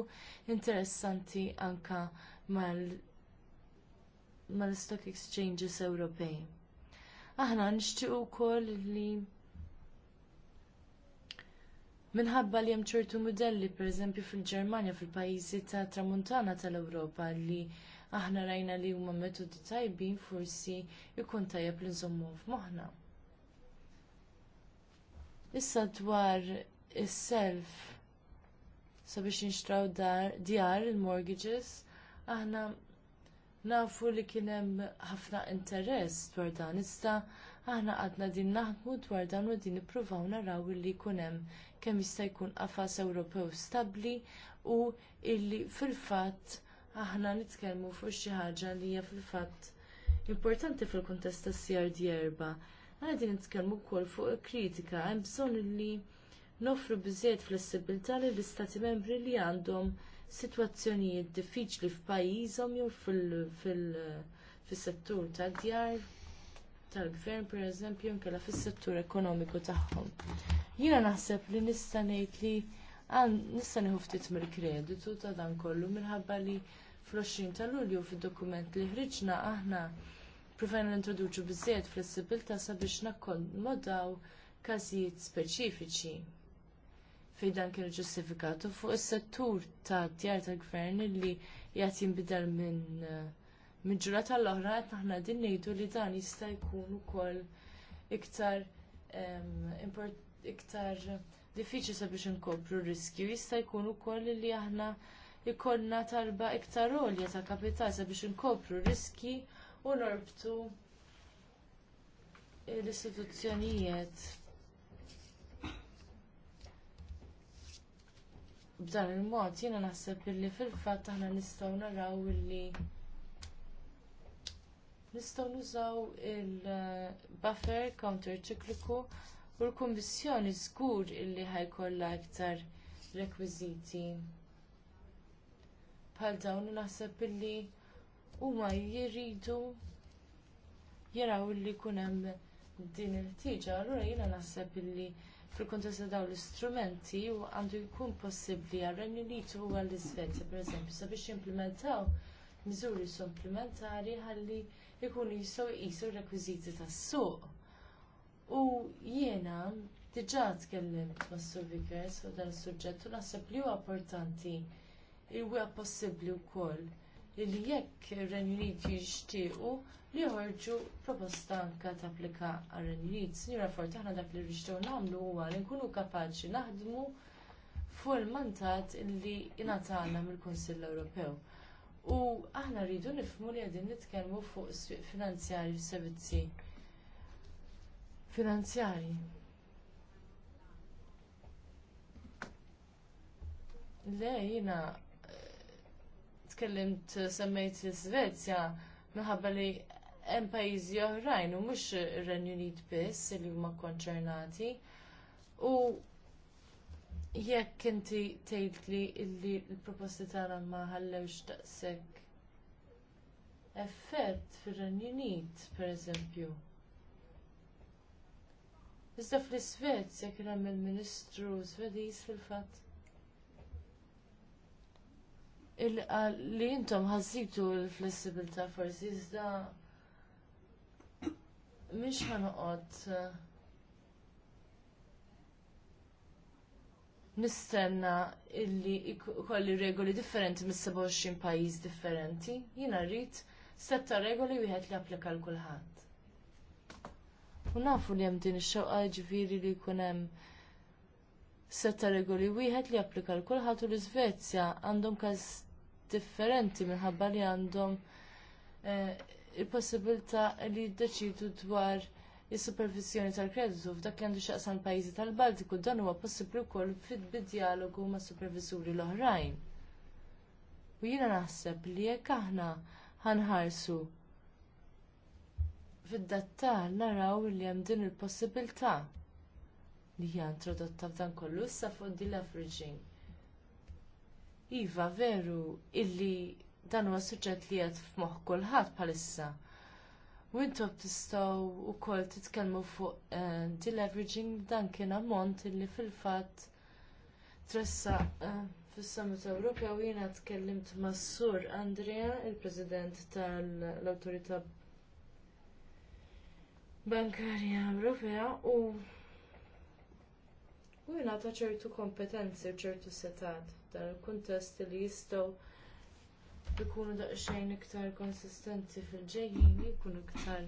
interessanti anke mal-stock mal exchanges Ewropej. Aħna nixtiequ wkoll li Minħabba li hemm ċertu mudelli, pereżempju fil-Ġermanja, fil-pajjiżi tat tramuntana tal-Ewropa li aħna rajna li huma metodi tajbin forsi jkun tajjeb li nżommuhom f'moħħna. Issa dwar is-self sabiex nixtraw djar il-mortgages, aħna nafu li kien hemm ħafna interess dwar dan. Issa aħna għadna din naħdmu dwar dan u din ippruvaw naraw li jkun hemm kemm jista' jkun qafas Ewropew stabbli u illi fil-fatt aħna nitkellmu fuq xi ħaġa li hija fil-fatt importanti fil-kuntest tas-CRD erba' Għana din nitkellmu wkoll fuq kritika, hemm bżonn li noffru biżjed flessibilità lill istati membri li għandhom sitwazzjonijiet diffiċli f'pajjiżhom jew fis-settur tad djar tal-gvern pereżempju nkella fis-settur ekonomiku tagħhom. Jiena naħseb li nista' ngħid li nista' nieħu ftit mill-kreditu ta' dan kollu minħabba li fl-20 ta' Lulju fid-dokument li ħriġna aħna Provajna introduċu biżżejjed flessibilità sabiex nakkomodaw każijiet speċifiċi fejn dan kienu ġustifikatu fuq is-settur tad djar tal-gvern li jagħti jinbidel minn eh, minn ġurata l-oħra qed aħna din ngħidu li dan jista' jkun ukoll iktar iktar diffiċli sabiex inkopru riskju jista' jkun ukoll li aħna jkollna tarba iktar għolja ta' kapital sabiex inkopru riski u norbtu l-istituzzjonijiet b'dan il-mod jiena naħseb illi fil-fatt aħna nistgħu naraw illi nistgħu nużaw il-buffer counter u l-Kummissjoni żgur illi ħajkollha iktar rekwiżiti. Bħal dawn naħseb illi huma jiridu jaraw li jkun hemm din il-tiġa, allura jiena naħseb li fil-kontest ta' dawn l-istrumenti u għandu jkun possibbli għal-Renju Unitu u għall-Iżvezja, pereżempju, sabiex jimplementaw miżuri supplementari ħalli jkunu jistgħu jqisu r-rekwiżiti tas-suq. U jiena diġà tkellimt mas Sur Vickers fuq dan is-suġġett u naħseb li huwa importanti li huwa possibbli wkoll li jekk ir-Renju jixtiequ li joħorġu proposta anke tapplika għar-Renju Unit. Sinjura aħna dak li rixtiequ nagħmlu huwa li nkunu kapaċi naħdmu fuq il-mandat li ingħatana mill-Kunsill Ewropew. U aħna rridu nifhmu li qegħdin nitkellmu fuq swieq finanzjarji u servizzi finanzjarji tkellimt eh, semmejt l-Svezja minħabba li hemm pajjiżi oħrajn u mhux ir-Renju Unit biss li huma konċernati. U jekk inti tgħidli li l-proposti tagħna ma ħallewx daqshekk effett fir-Renju Unit pereżempju. Iżda fl-Svezja kien hemm il-Ministru Svediż fil-fatt li intom ħassitu l-flessibilità forsi iżda mhix ħanoqgħod uh, nistenna illi kolli regoli differenti mis-27 pajjiż differenti. Jiena rrid setta regoli wieħed li applika l kulħadd. U nafu li hemm din ix-xewqa jiġifieri li jkun hemm setta regoli wieħed li applika l kulħadd u l-Iżvezja għandhom każ differenti minħabba li għandhom eh, il-possibilità li jiddeċidu dwar is-supervisjoni tal-kreditu f'dak li għandu xaqsan pajjiżi tal-Baltiku dan huwa possibbli wkoll bid-dialogu mas supervisuri l-oħrajn. U jiena naħseb li jekk aħna ħanħarsu fid-dattar naraw li hemm din il-possibilità li hija introdotta f'dan kollu issa fuq di leveraging. Iva, veru, illi dan huwa suġġett li qed f'moħħ kulħadd bħalissa. U intom tistgħu wkoll titkellmu fuq eh, deleveraging dan kien ammont illi fil-fatt tressa eh, fis-Summit Ewropew jiena tkellimt mas-Sur Andrea, il-President tal-Awtorità Bankarja Ewropea u jiena ta' ċertu kompetenzi u ċertu setat dan il li jistgħu jkunu daqsxejn iktar konsistenti fil-ġejjin, jkunu iktar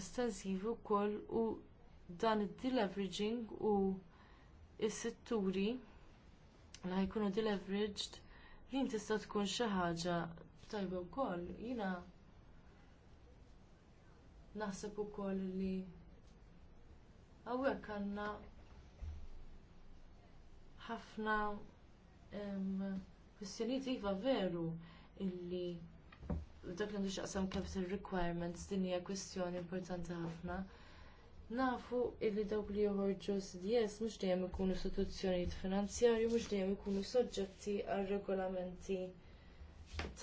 estensivi wkoll u dan id-deleveraging u s-setturi li jkunu deleveraged li tista' tkun xi ħaġa tajba wkoll. Jiena naħseb ukoll li hawnhekk għandna ħafna kwistjonijiet iva veru illi dak li xaqsam capital requirements din hija kwistjoni importanti ħafna. Nafu illi dawk li joħorġu CDS mhux dejjem ikunu istituzzjonijiet finanzjarji, mhux dejjem ikunu soġġetti għal regolamenti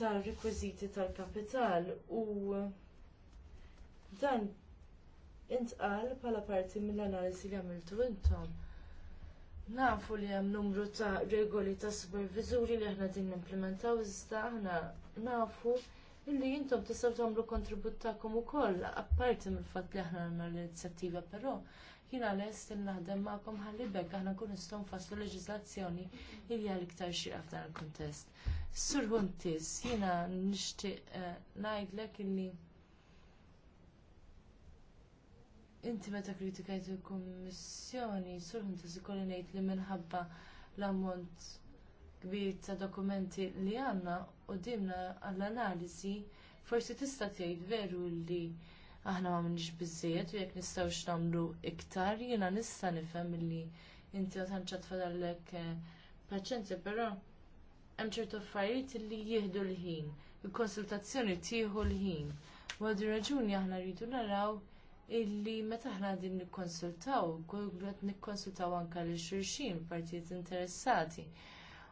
tar-rekwiżiti tal-kapital u dan intqal bħala parti mill-analiżi li għamiltu intom Nafu li hemm numru ta' regoli ta' superviżuri li aħna din nimplementaw iżda aħna nafu illi jintom tistgħu tagħmlu kontribut tagħkom ukoll apparti mill-fatt li aħna għandna l-inizjattiva, però jiena għalhekk li naħdem magħkom ħalli bekk aħna nkun nistgħu nfasslu leġiżlazzjoni li hija l-iktar xieqa f'dan il-kuntest. Sur Huntis, jiena nixtieq eh, ngħidlek illi Inti meta kritikajt il-Kummissjoni, surħin ta' sikolli ngħid li minħabba l-ammont kbir ta' dokumenti li għandna qudiemna għall-analiżi, forsi tista' tgħid veru li aħna ma biżżejjed u jekk nistgħux nagħmlu iktar, jiena nista' nifhem li inti ma tantx fadallek eh, paċenzja, però hemm ċertu affarijiet li jieħdu l-ħin, il-konsultazzjoni tieħu l-ħin. Għadu raġuni aħna rridu naraw illi meta aħna din nikkonsultaw, għed nikkonsultaw anke lil xulxin partijiet interessati.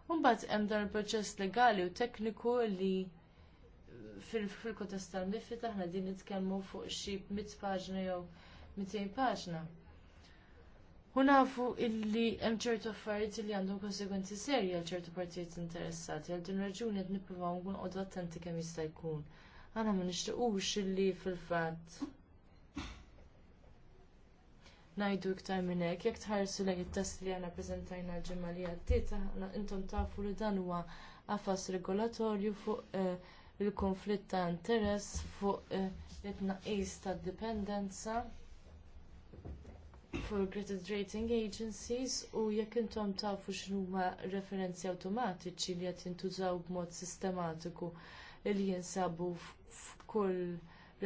Mbagħad hemm dan il-proċess legali u tekniku li fil kotest tal-mifid aħna din nitkellmu fuq xi 100 paġna jew 200 paġna. U nafu illi hemm ċertu affarijiet li għandhom konsegwenzi serji għal ċertu partijiet interessati, għal din raġuni qed nippruvaw nkun qodu attenti kemm jista' jkun. Aħna ma nixtiequx illi fil-fatt ngħidu iktar minn hekk. Jekk tħarsu lejn it-test li għana preżentajna l-ġimgħa li għaddiet, intom tafu li dan huwa qafas regolatorju fuq eh, il-konflitt ta' interess fuq eh, it-tnaqqis tad dipendenza fuq credit rating agencies u jekk intom tafu x'huma referenzi awtomatiċi li qed jintużaw b'mod sistematiku li jinsabu f'kull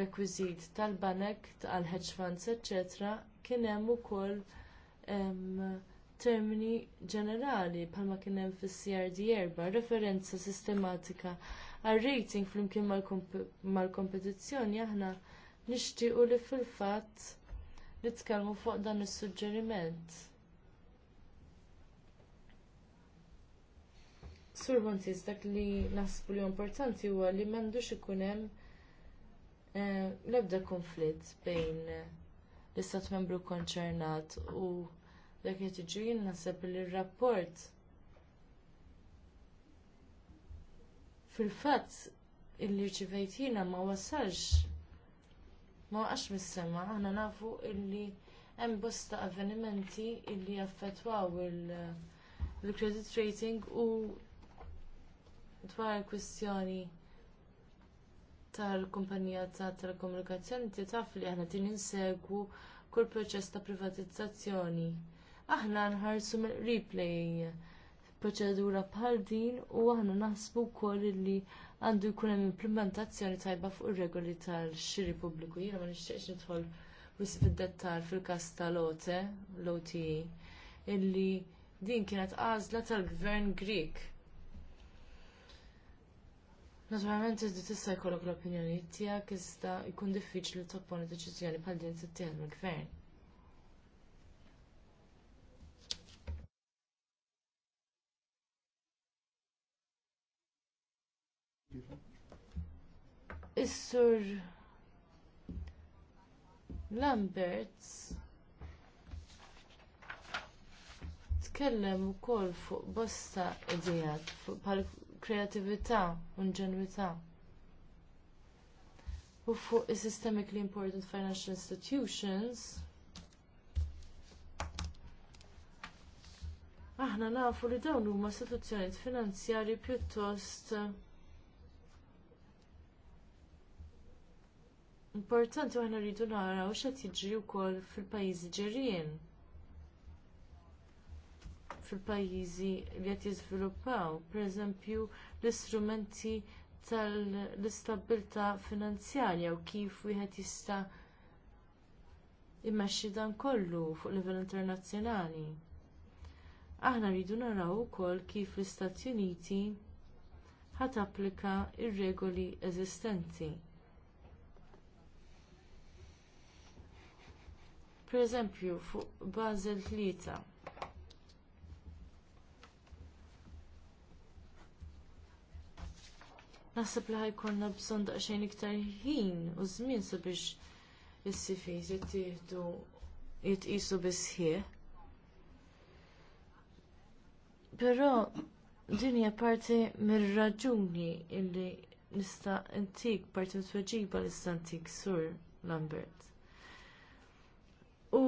rekwiżit tal-banek, tal-hedge funds, etc kien hemm ukoll termini ġenerali bħalma kien hemm fis-CRD erba, referenza sistematika għal rating flimkien mal-kompetizzjoni aħna nixtiequ li fil-fatt nitkellmu fuq dan is-suġġeriment. Sur Montis, dak li naħsbu li importanti huwa li m'għandux ikun hemm eh, l-ebda konflitt bejn l-istat membru konċernat u dak qed jiġri naħseb li r-rapport fil-fatt illi rċivejt jiena ma wasalx ma waqax mis-sema, aħna nafu illi hemm bosta avvenimenti illi affettwaw il-credit rating u dwar kwistjoni tal-kumpanija ta' telekomunikazzjoni ti taf li aħna din insegwu kull proċess ta' privatizzazzjoni. Aħna nħarsu mill replay proċedura bħal din u aħna naħsbu wkoll li għandu jkun hemm implementazzjoni tajba fuq ir-regoli tal-xiri pubbliku. Jiena ma nixtieqx nidħol wisq fid-dettall fil-każ tal-OTE, l-OTE, illi din kienet għażla tal-Gvern Grieg Naturalment iżda tista' jkollok l-opinjoni tiegħek iżda jkun diffiċli topponi deċiżjoni bħal din tittieħed mill-gvern. Is-sur Lamberts tkellem ukoll fuq bosta idejat fuq kreativita u inġenwità U fuq is systemically important financial institutions, aħna nafu li dawn huma istituzzjonijiet finanzjarji pjuttost importanti u aħna rridu naraw x'qed jiġri wkoll fil-pajjiżi ġirien fil-pajjiżi li qed jiżviluppaw, pereżempju l-istrumenti tal istabilità finanzjarja u kif wieħed jista' immexxi dan kollu fuq livell internazzjonali. Aħna rridu naraw ukoll kif l-Istati Uniti ħat applika r regoli eżistenti. Pereżempju fuq Basel 3 Naħseb li ħajkonna bżonn daqsxejn iktar ħin u żmien sabiex is-sifis jittieħdu jitqisu bisħieħ. Però din hija parti mir-raġuni illi nista' intik parti mit nista' antik sur Lambert. U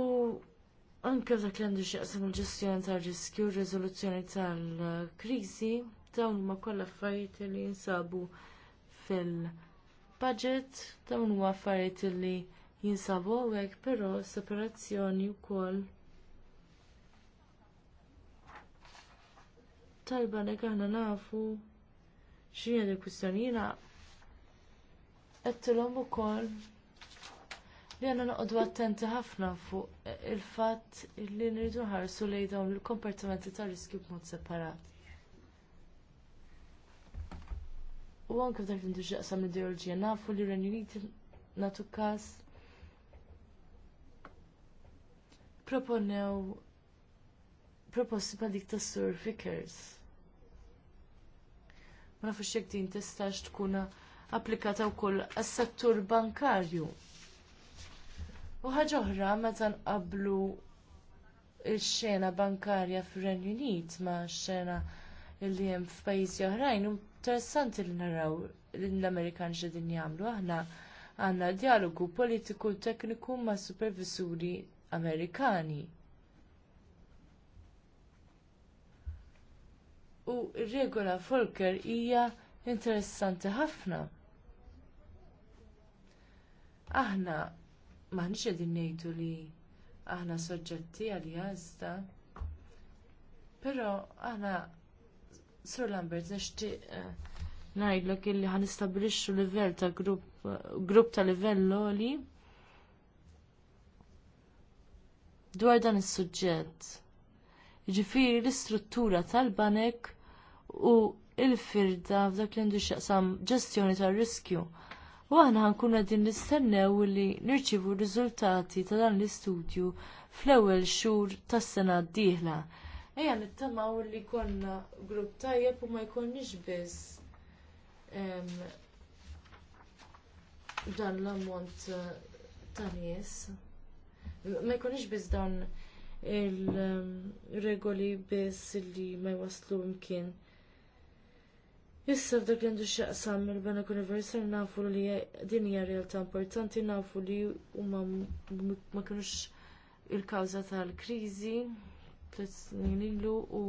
anke dak li għandu xieqsam il-ġestjoni tar riskju u r-riżoluzzjoni tal-kriżi, dawn huma kollha affarijiet li jinsabu fil-budget, dawn huma affarijiet li jinsabu hekk però separazzjoni wkoll talba li aħna nafu x'inhi l kwistjonina qedtilhom ukoll li għanna noqdu attenti ħafna fuq il fatt li nridu ħarsu lejn dawn il-kompartimenti tar riskju b'mod separat. U anke f'dak li xaqsam l ideologija nafu li Renjuniti natu każ proponew proposti pa dik tas sur Ma nafux jekk din tistax tkun applikata wkoll għas-settur bankarju. U ħaġa oħra meta nqabblu x-xena bankarja fir-Renju Unit ma' x-xena li hemm f'pajjiżi oħrajn u interessanti li naraw l-Amerikan x'edin jagħmlu aħna għandna dijalogu politiku u tekniku mas supervisuri Amerikani. U r regola Volker hija interessanti ħafna. Aħna maħniċ qegħdin ngħidu li aħna soġġetti għal iżda, però aħna Sur Lambert, nixtieq eh, ngħidlek illi ħanistabilixxu livell ta' grupp ta' livell loli dwar dan is-suġġett. Jiġifieri l-istruttura tal-banek u l-firda f'dak li għandu xaqsam ġestjoni tar-riskju. U aħna ħankun din nistennew li nirċivu r-riżultati ta' dan l-istudju fl-ewwel xhur tas-sena d-dieħla. Ejja nittamaw li konna grupp tajjeb u ma jkunniex biss dan l-ammont eh, ta' nies. Ma jkunniex biss dan il-regoli biss li ma jwaslu mkien. Issa f'dak li għandu xaqsam il-Banak Universal nafu li din hija realtà importanti, nafu li huma ma kinux il-kawża tal-kriżi, tliet snin ilu u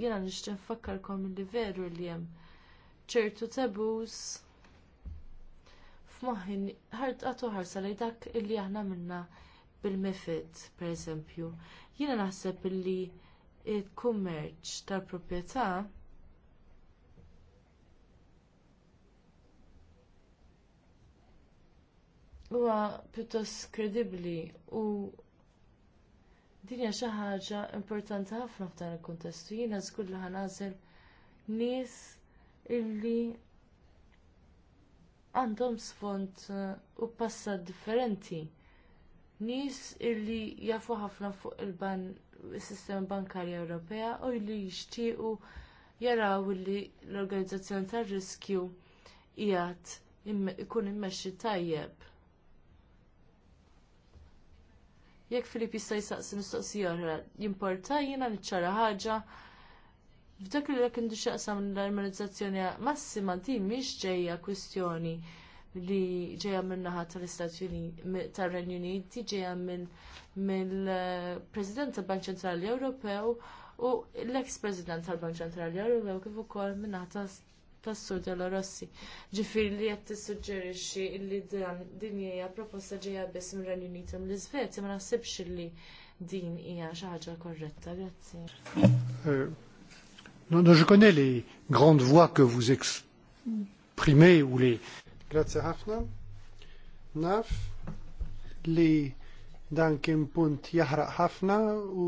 jiena nixtieq nfakkarkom li veru li hemm ċertu tabus f'moħħin ħart għatu ħarsa li dak illi aħna minna bil-mifid, pereżempju. Jiena naħseb illi il-kummerċ tal-proprjetà huwa pjuttost kredibbli u Din hija xi ħaġa importanti ħafna f'dan il-kuntestu. Jiena żgur li ħanażel nies illi għandhom sfond uh, u passat differenti. Nies illi jafu ħafna fuq il-ban sistema bankarja Ewropea u li jixtiequ jaraw li l-organizzazzjoni tar-riskju qiegħed ikun immexxi tajjeb. Jekk Filip jista' jistaqsi mistoqsija oħra, jimporta jiena niċċara ħaġa. F'dak li jekk inti xaqsam l-armonizzazzjoni massima din mhix ġejja kwistjoni li ġejja min-naħa tal-Istati Uniti tar-Renju Unit, ġejja mill-President tal-Bank Ċentrali Ewropew u l-ex-President tal-Bank Ċentrali Ewropew kif ukoll min-naħa tas-Sur Della Rossi. Ġifieri li qed tissuġġerixxi li dan din hija proposta ġejja biss mir-Renju Unit mill iżvezja ma naħsibx li din hija xi ħaġa korretta. Grazzi. Euh, non, je connais les grandes voix que vous exprimez ou les. Grazie ħafna. Naf li dan kien punt jaħraq ħafna u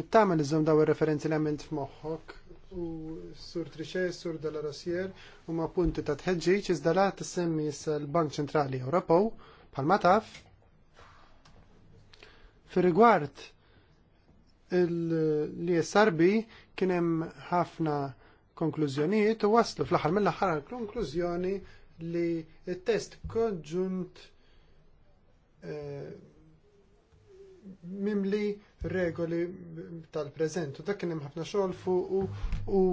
nittamel li daw ir-referenzi li għamilt f'moħħok u Sur Trichet, Sur la Rossier, u ma punti ta' tħedġi, iżda t semmi l-Bank Ċentrali Ewropew, pal taf. fir rigward l jessarbi kien hemm ħafna konklużjonijiet u waslu fl-aħħar mill-aħħar konklużjoni li t-test konġunt eh, mimli regoli tal-preżent. U dak kien hemm ħafna xogħol fuq u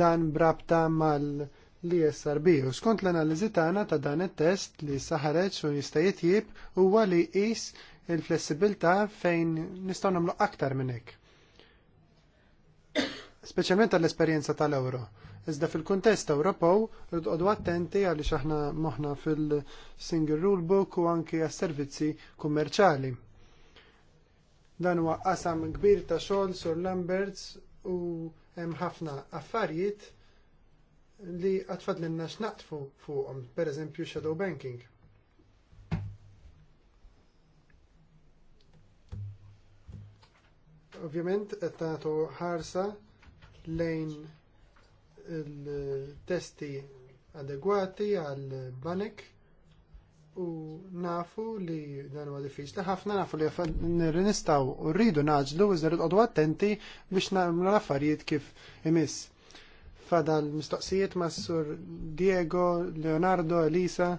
dan brabta mal-ISRB. U skont l-analiżi tagħna ta' dan it-test li saħareġ u jista' jitjib huwa li qis il-flessibilità fejn nistgħu nagħmlu aktar minn hekk. Speċjalment tal-esperjenza tal ewro Iżda fil kuntest Ewropew irqodu attenti għaliex aħna moħna fil-single rule book u anki għas-servizzi kummerċali. Dan huwa qasam kbir ta' xogħol sur Lamberts u hemm ħafna affarijiet li għatfad l x'naqtfu fuqhom, pereżempju shadow banking. Ovvjament qed tagħtu ħarsa lejn il-testi adegwati għal banek u nafu li dan huwa diffiċli ħafna nafu li nistgħu u rridu naġlu iżda rridu attenti biex nagħmlu l-affarijiet kif imiss. Fadal mistoqsijiet mas Sur Diego, Leonardo, Elisa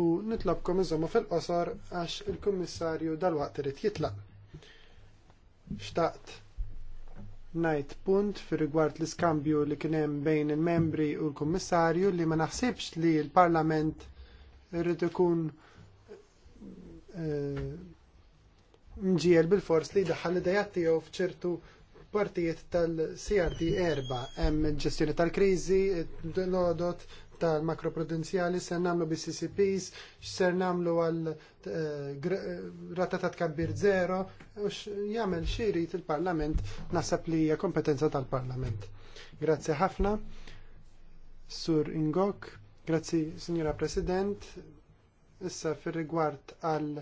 u nitlobkom iżommu fil-qosor għax il-Kummissarju dal-waqt irid jitlaq. Xtaqt najt punt fir rigward l-iskambju li kien hemm bejn il-membri u l-kummissarju li ma naħsibx li l-Parlament irrid ikun eh, mġiel bil-fors li jdaħħal l dajat tiegħu f'ċertu partijiet tal-CRD erba hemm il-ġestjoni tal-kriżi, l tal-makroprudenzjali, ser namlu CCPs, ser namlu għal eh, rata ta' tkabbir zero, u jagħmel xirit il-Parlament naħseb li hija kompetenza tal-Parlament. Grazzi ħafna. Sur Ingok, Grazzi, Signora President. Issa fir rigward għal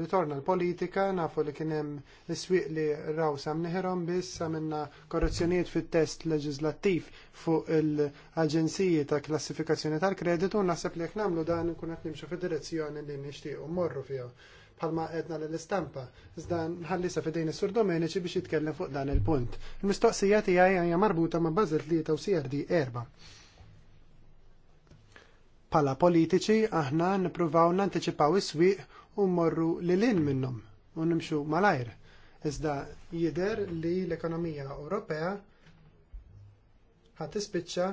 ritorna l-politika, nafu li kienem s-swiq li raw samniħerom biss għamilna korruzzjoniet fit test leġislattiv fuq l-Aġenziji ta' klassifikazzjoni tal-kreditu, naħseb li jek dan kun qed nimxu fid-direzzjoni li nixtiequ morru fiha palma edna l-istampa. Iżda nħalli sa fidejn is-Sur biex jitkellem fuq dan il-punt. Il-mistoqsija tiegħi hija marbuta ma' Bażel li u di erba'. Pala politiċi aħna nippruvaw nanticipaw is-swieq u mmorru lil lin minnhom u nimxu malajr. Iżda jidher li l-ekonomija Ewropea ħat tispiċċa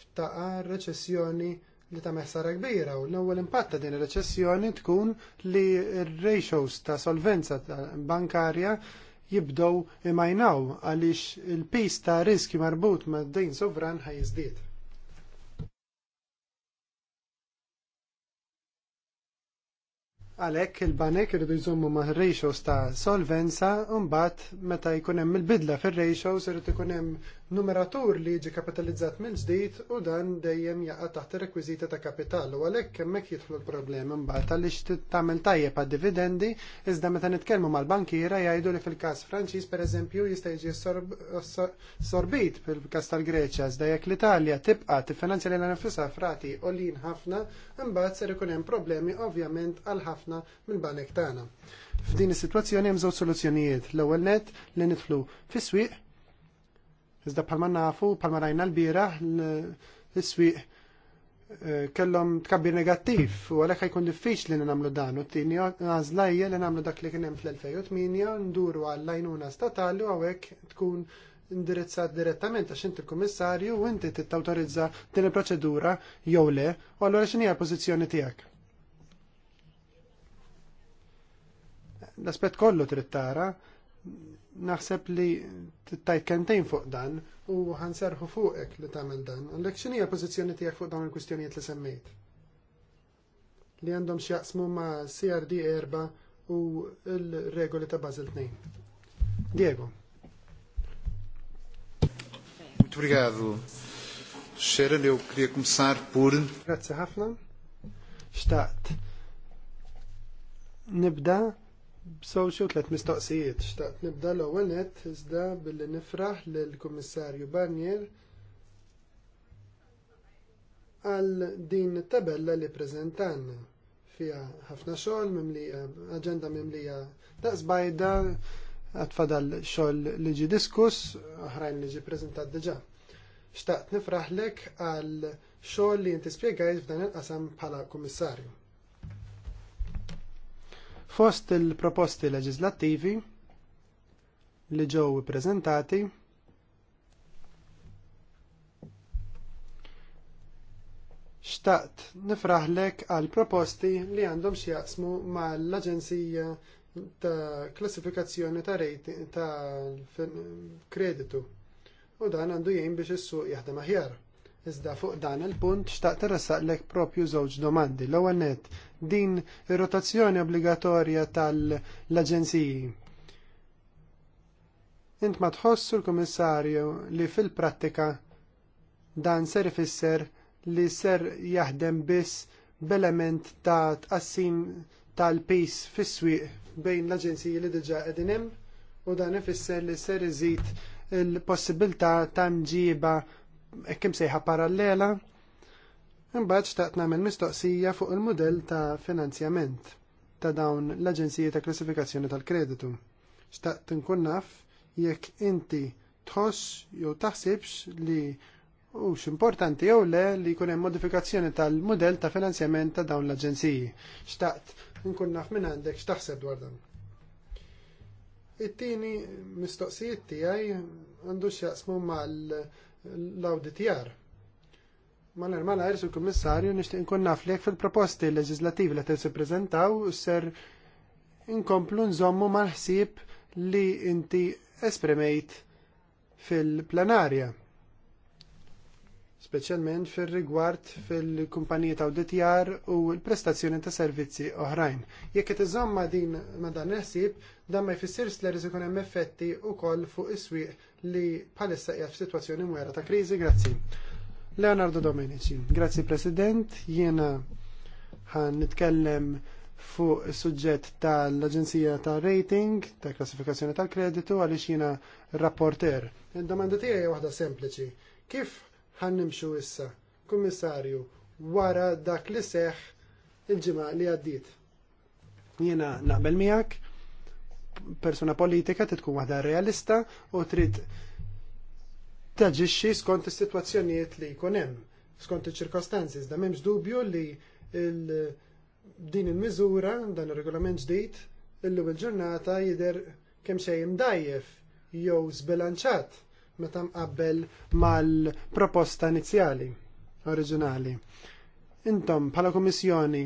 ftaqa reċessjoni li ta' meħsara kbira u l-ewwel impatt ta' din ir-reċessjoni tkun li r-ratios ta' solvenza bankarja jibdow imajnaw għaliex il-pis ta' riski marbut ma' din sovran ħajżdied. Għalhekk il-banek irridu jżommu ma' ratios ta' solvenza u mbagħad meta jkun hemm il-bidla fir-ratios irid ikun hemm numeratur li jiġi kapitalizzat minn ġdid u dan dejjem jaqa' taħt ir-rekwiżiti ta' kapital u għalhekk hemmhekk jidħlu l-problemi mbagħad għaliex tagħmel tajjeb għad-dividendi iżda meta nitkellmu mal-bankiera jgħidu li fil-każ Franċiż pereżempju jista' jiġi sorbit fil-każ tal-Greċja iżda jekk l-Italja tibqa' tiffinanzja l nifisha frati għolin ħafna imbagħad ser jkun hemm problemi ovvjament għal ħafna mill-banek tagħna. F'din is-sitwazzjoni hemm żewġ soluzzjonijiet. L-ewwel nett li nidħlu fis-swieq Iżda bħalma nafu, bħalma rajna l bira l-iswiq eh, kellhom tkabbir negattiv u għalhekk ħajkun diffiċli li nagħmlu dan u t tini għazlajja li nagħmlu dak li kien hemm fl-2008 nduru għall-għajnuna statali u għawek tkun indirizzat direttament għax inti l-kummissarju u inti t-tautorizza din il-proċedura jew le, u allura x'inhi l-pożizzjoni tiegħek? L-aspett kollu trid tara naħseb li tajt kentejn fuq dan u ħanserħu fuqek li tagħmel dan. Għalhekk x'inhi l-pożizzjoni tiegħek fuq dawn il-kwistjonijiet li semmejt? Li għandhom x'jaqsmu ma' CRD erba u l-regoli ta' Basel 2. Diego. Muito eu queria começar por. Grazie ħafna. Xtaqt. Nibda B'sowxu tliet mistoqsijiet, xtaqt nibda l-ewwel nett iżda billi nifraħ lill kummissarju Barnier għal din it-tabella li preżentanna fiha ħafna xogħol mimlija, aġenda mimlija daqs bajda għatfadal xogħol li ġi diskuss, oħrajn li ġi preżentat diġà. Xtaqt nifraħlek għal xogħol li inti spjegajt f'dan il-qasam bħala kummissarju. Fost il-proposti leġislattivi li ġew ippreżentati xtaqt nifraħlek għal proposti li għandhom xjaqsmu mal aġenzija ta' klassifikazzjoni ta' rejti ta' kreditu u dan għandu jgħin biex is-suq jaħdem aħjar. Iżda fuq dan il-punt xtaqt irressaqlek propju żewġ domandi. L-ewwel nett din ir-rotazzjoni obbligatorja tal-aġenziji. Int ma tħossu l-Kummissarju li fil-prattika dan ser ifisser li ser jaħdem biss b'element ta' tqassim tal-pis fis-swieq bejn l-aġenziji li diġà qegħdin hemm u dan ifisser li ser iżid il-possibilità ta' mġiba ekkim sejħa parallela, imbagħad xtaqt nagħmel mistoqsija fuq il-mudell ta' finanzjament ta' dawn l-Aġenziji ta' Klassifikazzjoni tal-Kreditu. Xtaqt nkun naf jekk inti tħoss jew taħsibx li hux importanti jew le li jkun hemm modifikazzjoni tal-mudell ta' finanzjament ta' dawn l-aġenziji. Xtaqt nkun naf minn għandek x'taħseb dwar dan. It-tieni mistoqsijiet tiegħi għandu x'jaqsmu mal l-auditjar. Malar mala irsu kummissarju nishtiq nkun naf fil-proposti leġislativi li tinsi prezentaw ser inkomplu nżommu mal-ħsieb li inti esprimejt fil-plenarja speċjalment fir rigward fil-kumpaniji auditjar u l-prestazzjoni ta' servizzi oħrajn. Jekk qed iżomma din ma' dan ħsieb, dan ma jfissirx li jkun hemm effetti wkoll fuq is-swieq li bħalissa hija f'sitwazzjoni mwera ta' kriżi. Grazzi. Leonardo Domenici. Grazzi President, jiena ħan nitkellem fuq suġġett tal-Aġenzija ta' Rating, ta' Klassifikazzjoni tal-Kreditu, għaliex jiena rapporter. Il-domanda tiegħi hija waħda sempliċi. Kif ħan nimxu issa, kummissarju, wara dak li seħħ il-ġimgħa li għaddiet? Jiena naqbel miegħek persuna politika trid tkun waħda realista u trid taġixxi skont is-sitwazzjonijiet li jkun hemm, skont iċ-ċirkostanzi, iżda m'hemmx dubju li din il-miżura, dan ir-regolament ġdid, illum il-ġurnata jidher kemm xejn dajjef jew zbilanċat meta mqabbel mal-proposta inizjali, oriġinali. Intom bħala Kummissjoni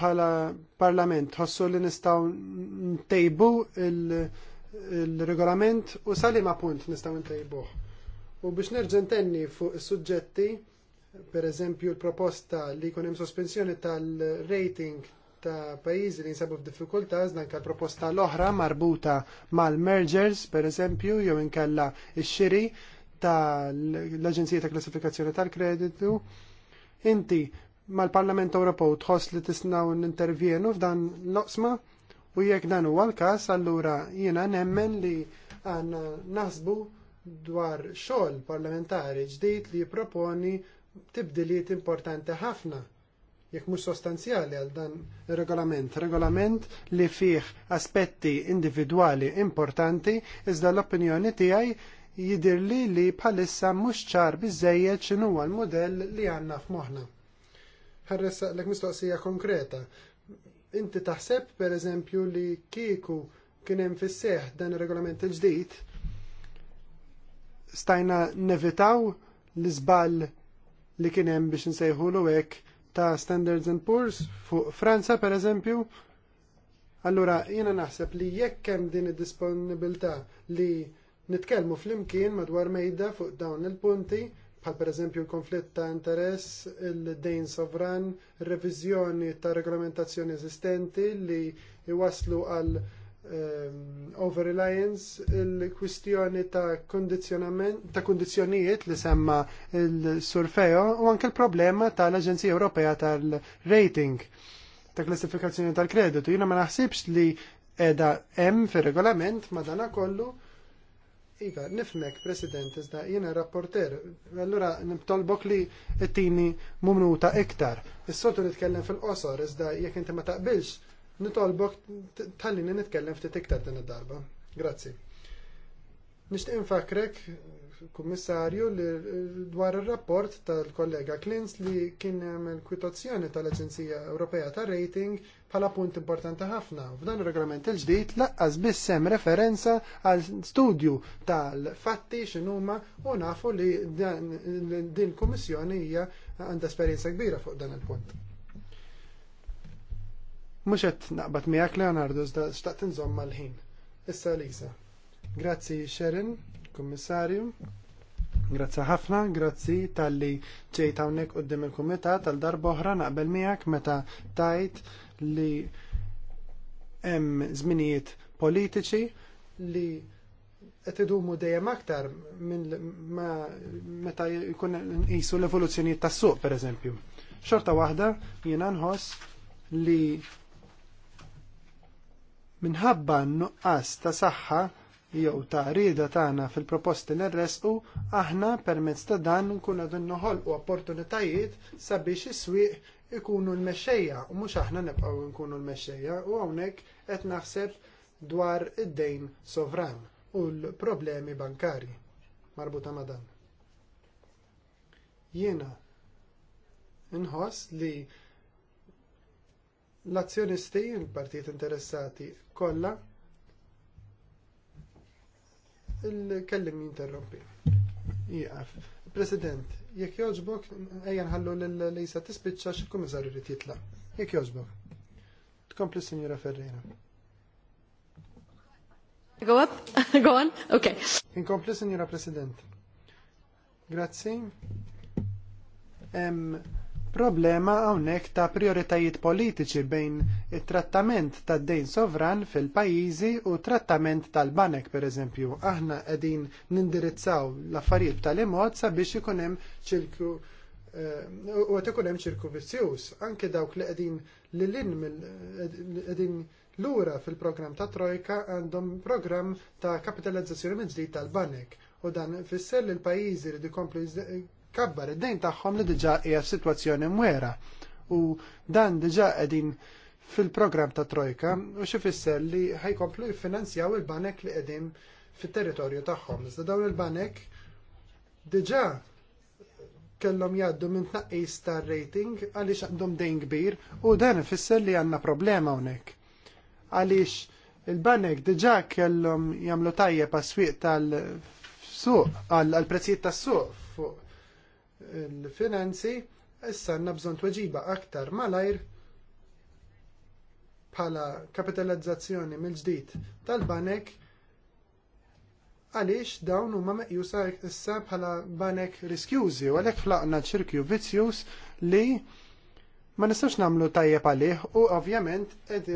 bħala parlament ħossu li nistaw ntejbu il-regolament u salim punt nistaw ntejbuh. U biex nerġentenni fuq is-suġġetti, per eżempju l-proposta li jkun hemm sospensjoni tal-rating ta' pajjiżi li jinsabu f'diffikultà, znanka l-proposta l-oħra marbuta mal-mergers, per eżempju, jew inkella x-xiri tal-Aġenzija ta' Klassifikazzjoni tal-Kreditu. Inti mal-Parlament Ewropew tħoss li tisnaw n-intervjenu f'dan l-oqsma u jekk dan huwa l-każ allura jiena nemmen li għandna naħsbu dwar xogħol parlamentari ġdid li jipproponi tibdiliet importanti ħafna jekk mhux sostanzjali għal dan ir-regolament. Regolament li fih aspetti individwali importanti iżda l-opinjoni tiegħi jidirli li bħalissa mhux ċar biżejjed x'inhuwa l-mudell li għandna f'moħħna ħarressa l mistoqsija konkreta. Inti taħseb, per eżempju, li kieku kien hemm fis dan ir-regolament il-ġdid, stajna nevitaw l-iżball li kien hemm biex nsejħu hekk ta' Standards and Poor's fuq Franza, per eżempju, Allura, jiena naħseb li jekk hemm din id-disponibilità li nitkellmu flimkien madwar mejda fuq dawn il-punti, bħal pereżempju l-konflitt ta' interess, il-dejn sovran, revizjoni ta' regolamentazzjoni eżistenti li jwaslu għal ehm, over-reliance, il-kwistjoni ta' ta' kundizzjonijiet li semma il-surfeo u anke l-problema tal-Aġenzija Ewropea tal-rating ta' klassifikazzjoni tal-kreditu. Jiena ma naħsibx li edha hemm fir-regolament ma dana kollu Iva, nifmek, President, iżda jiena rapporter. Allura nimtolbok li t-tini mumnuta iktar. Is-sotu nitkellem fil-qosor, iżda jekk inti ma taqbilx, nitolbok tal nitkellem ftit iktar din id-darba. Grazzi. Nishtiq infakrek kummissarju eh, dwar ir rapport tal-kollega Klins li kien hemm kwitazzjoni tal-Aġenzija Ewropea tar rating bħala punt importanti ħafna. F'dan ir-regolament il-ġdid laqqas biss hemm referenza għal studju tal-fatti x'inhuma u nafu li din kummissjoni hija għandha esperjenza kbira fuq dan il-punt. Mhux qed naqbad miegħek Leonardo, xtaqt inżomm mal-ħin. Issa Lisa. Grazzi Sharon Kummissarju, grazzi ħafna, grazzi tal-li ċejt hawnhekk qudiem il-kumitat tal-darba oħra naqbel miegħek meta tajt li hemm żminijiet politiċi li qed idumu dejjem aktar minn meta jkun nqisu l-evoluzzjonijiet tas-suq pereżempju. Xorta waħda jiena nħoss li minħabba nuqqas ta' saħħa jew ta' rieda tagħna fil-proposti li nresqu, aħna permezz ta' dan nkunu qed noħolqu opportunitajiet sabiex is-swieq ikunu l-mexxejja u mhux aħna nibqgħu nkunu l-mexxejja u hawnhekk qed naħseb dwar id-dejn sovran u l-problemi bankarji marbuta ma' dan. Jiena inħoss li l-azzjonisti, il-partijiet interessati kollha il-kellim jinterrompi. Iqaf. President, jek joġbok, ejjan ħallu l-lejsa tispiċċa xil komissar li jitla. Jek joġbok. Tkompli Signora Ferreira. Go up? Go on? Okay. Inkompli Signora President. Grazzi problema hawnhekk ta' prioritajiet politiċi bejn it-trattament tad-dejn sovran fil-pajjiżi u trattament tal-banek pereżempju. Aħna qegħdin nindirizzaw l-affarijiet tal-imod sabiex ikun hemm ċirku eh, u ikun hemm ċirku vizzjuż. Anke dawk li qegħdin lilin qegħdin lura fil-programm ta' Trojka għandhom programm ta' kapitalizzazzjoni mill-ġdid tal-banek u dan fisser li l-pajjiżi li dikomplu kabbar id-dejn tagħhom li diġà hija f'sitwazzjoni mwera u dan diġà qegħdin fil-programm ta' Trojka u xifisser li ħajkomplu jiffinanzjaw il-banek li qegħdin fit-territorju tagħhom. Iżda dawn il-banek diġà kellhom jgħaddu minn tnaqqis tar rating għaliex għandhom dejn kbir u dan ifisser li għandna problema hawnhekk. Għaliex il-banek diġà kellhom jagħmlu tajjeb għas-swieq tal-suq għall prezzijiet tas-suq fuq l-finanzi, issa għanna bżonn tweġiba aktar malajr bħala kapitalizzazzjoni mill-ġdid tal-banek għaliex dawn huma meqjusa issa bħala banek riskjużi u għalhekk flaqna ċirkju vizzjus li ma nistax nagħmlu tajjeb għalih u ovvjament qed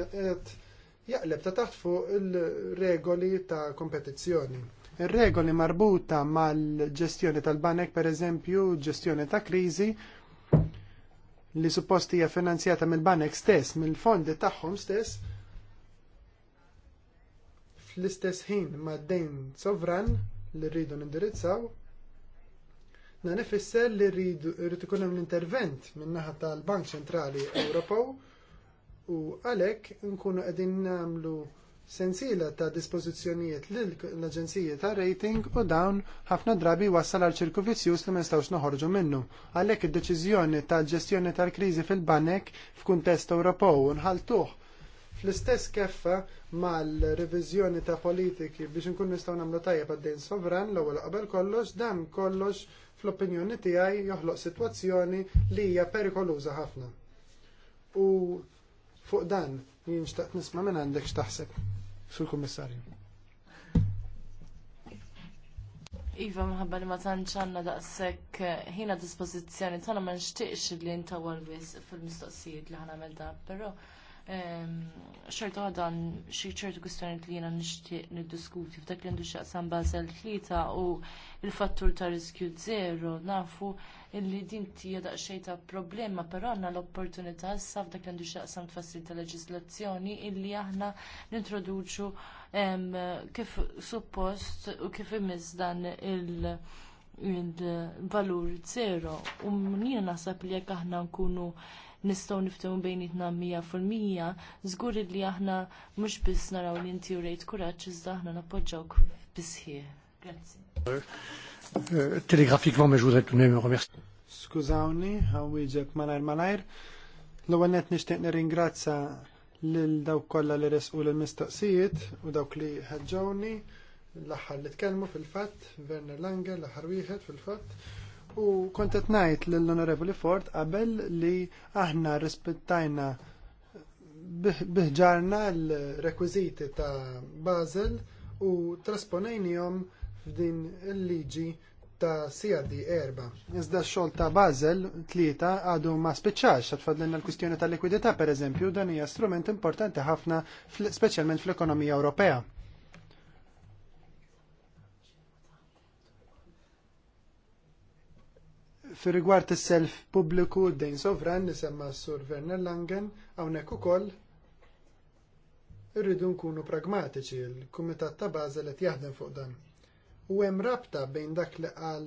jaqleb ta' taħt fuq il-regoli ta' kompetizzjoni regoli marbuta mal-ġestjoni tal-banek, per eżempju, ġestjoni ta' kriżi li supposti hija finanzjata mill-banek stess, mill-fondi tagħhom stess, fl-istess ħin ma' dejn sovran li rridu nindirizzaw, dan ifisser li rridu rrid ikun hemm l-intervent min-naħa tal-Bank Ċentrali Ewropew u għalhekk nkunu qegħdin nagħmlu sensiela ta' dispożizzjonijiet lill aġenziji ta' rating u dawn ħafna drabi wassal għal ċirku vizzjuż li ma nistgħux noħorġu minnu. Għalhekk id-deċiżjoni tal-ġestjoni tal-kriżi fil-banek f'kuntest Ewropew nħalltuh. fl-istess keffa mal-reviżjoni ta' politiki biex nkun nistgħu nagħmlu tajjeb għad-dejn sovran l-ewwel qabel kollox dan kollox fl-opinjoni tiegħi joħloq sitwazzjoni li hija perikoluża ħafna. U fuq dan jien nisma minn għandek xtaħseb sur kummissarju. Iva, mħabba li ma tanċanna daqsek eh, ħina dispozizjoni tana ma nxtiqx li nta warwis fil-mistoqsijiet li ħana melda, pero Ehm, xorta għadan xie ċertu kustjoni li jena nishtiq niddiskuti f'dak li għandu xaqsam bazel tlita u il-fattur ta' riskju zero nafu li din tija da' xejta problema pero għanna l-opportunità issa f'dak li għandu xaqsam tfassil ta' leġislazzjoni illi aħna nintroduċu ehm, kif suppost u kif imiz dan il- il-valur zero u um, naħseb nasab li jekk aħna nkunu nistgħu niftehmu bejnietna mija fil-mija, żgur li aħna mhux biss naraw li inti rejt kuraġġ iżda aħna nappoġġawk bisħieħ. Grazzi. Euh, Telegrafikman ma ġudret tunem remerci. Skużawni, għawijġek malajr malajr. L-ewwel qed nixtieq nirringrazza lil dawk kollha li resqu l-mistoqsijiet u dawk li ħeġġawni l-aħħar li tkellmu fil-fatt, Werner Lange, l-aħħar wieħed fil-fatt. U kontet najt l-Onorevoli Ford qabel li aħna rispettajna biħġarna l-rekwiziti ta' Basel u trasponejnijom f'din il-liġi ta' CRD erba. Iżda x-xogħol ta' Basel tlieta għadu ma speċax, għadfadlenna l-kwistjoni tal likwidità pereżempju, dan hija strument importanti ħafna speċjalment fl-ekonomija Ewropea. fir rigward is-self pubbliku d-dejn sovran nisemma s-sur Werner Langen hawnhekk ukoll irridu nkunu pragmatiċi l-Kumitat ta' Bażel qed jaħdem fuq dan. U hemm rabta bejn dak li qal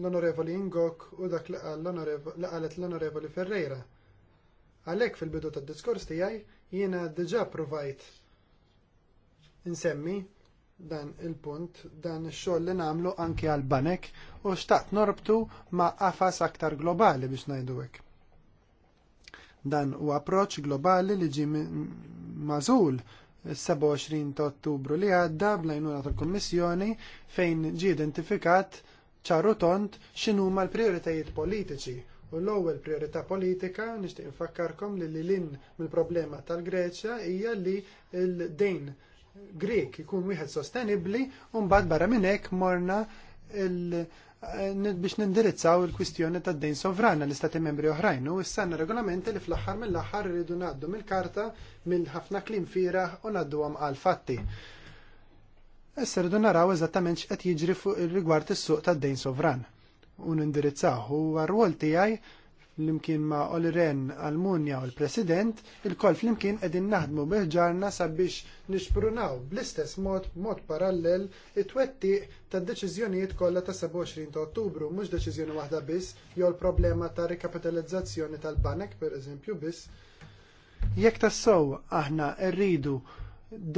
l-Onorevoli Ingok u dak li qalet l-Onorevoli Ferreira. Għalhekk fil-bidu tad-diskors tiegħi jiena diġà provajt insemmi dan il-punt, dan il xogħol li nagħmlu anke għal banek u xtaqt norbtu ma' għafas aktar globali biex najduwek. Dan u approċċ globali li ġi mażul 27 ta' Ottubru li għadda bl-għajnuna tal-Kommissjoni fejn ġie identifikat ċarru tont x'inhuma l prioritajiet politiċi u l-ewwel priorità politika nixtieq infakkarkom li lilin mill-problema tal-Greċja hija li l-dejn Grek ikun wieħed sostenibbli u mbagħad barra minn hekk morna eh, biex nindirizzaw il-kwistjoni tad dejn sovrana l-istati membri oħrajn u s-sanna regolamenti li fl-aħħar mill-aħħar rridu ngħaddu mill-karta minn ħafna klim fira u ngħadduhom għal fatti. Issa rridu naraw eżattament x'qed jiġri fuq rigward is-suq tad dejn sovran u nindirizzaw u għar-rwol tiegħi l-imkien ma' Oliren Almunja u l-President, il-kol fl-imkien edin naħdmu biħġarna sabiex nixprunaw bl-istess mod, mod parallel it-twetti ta' deċizjoniet kollha ta' 27 ta' Ottubru, mhux deċiżjoni waħda biss, jew l-problema ta' rikapitalizzazzjoni tal-banek per eżempju biss. Jekk sow aħna rridu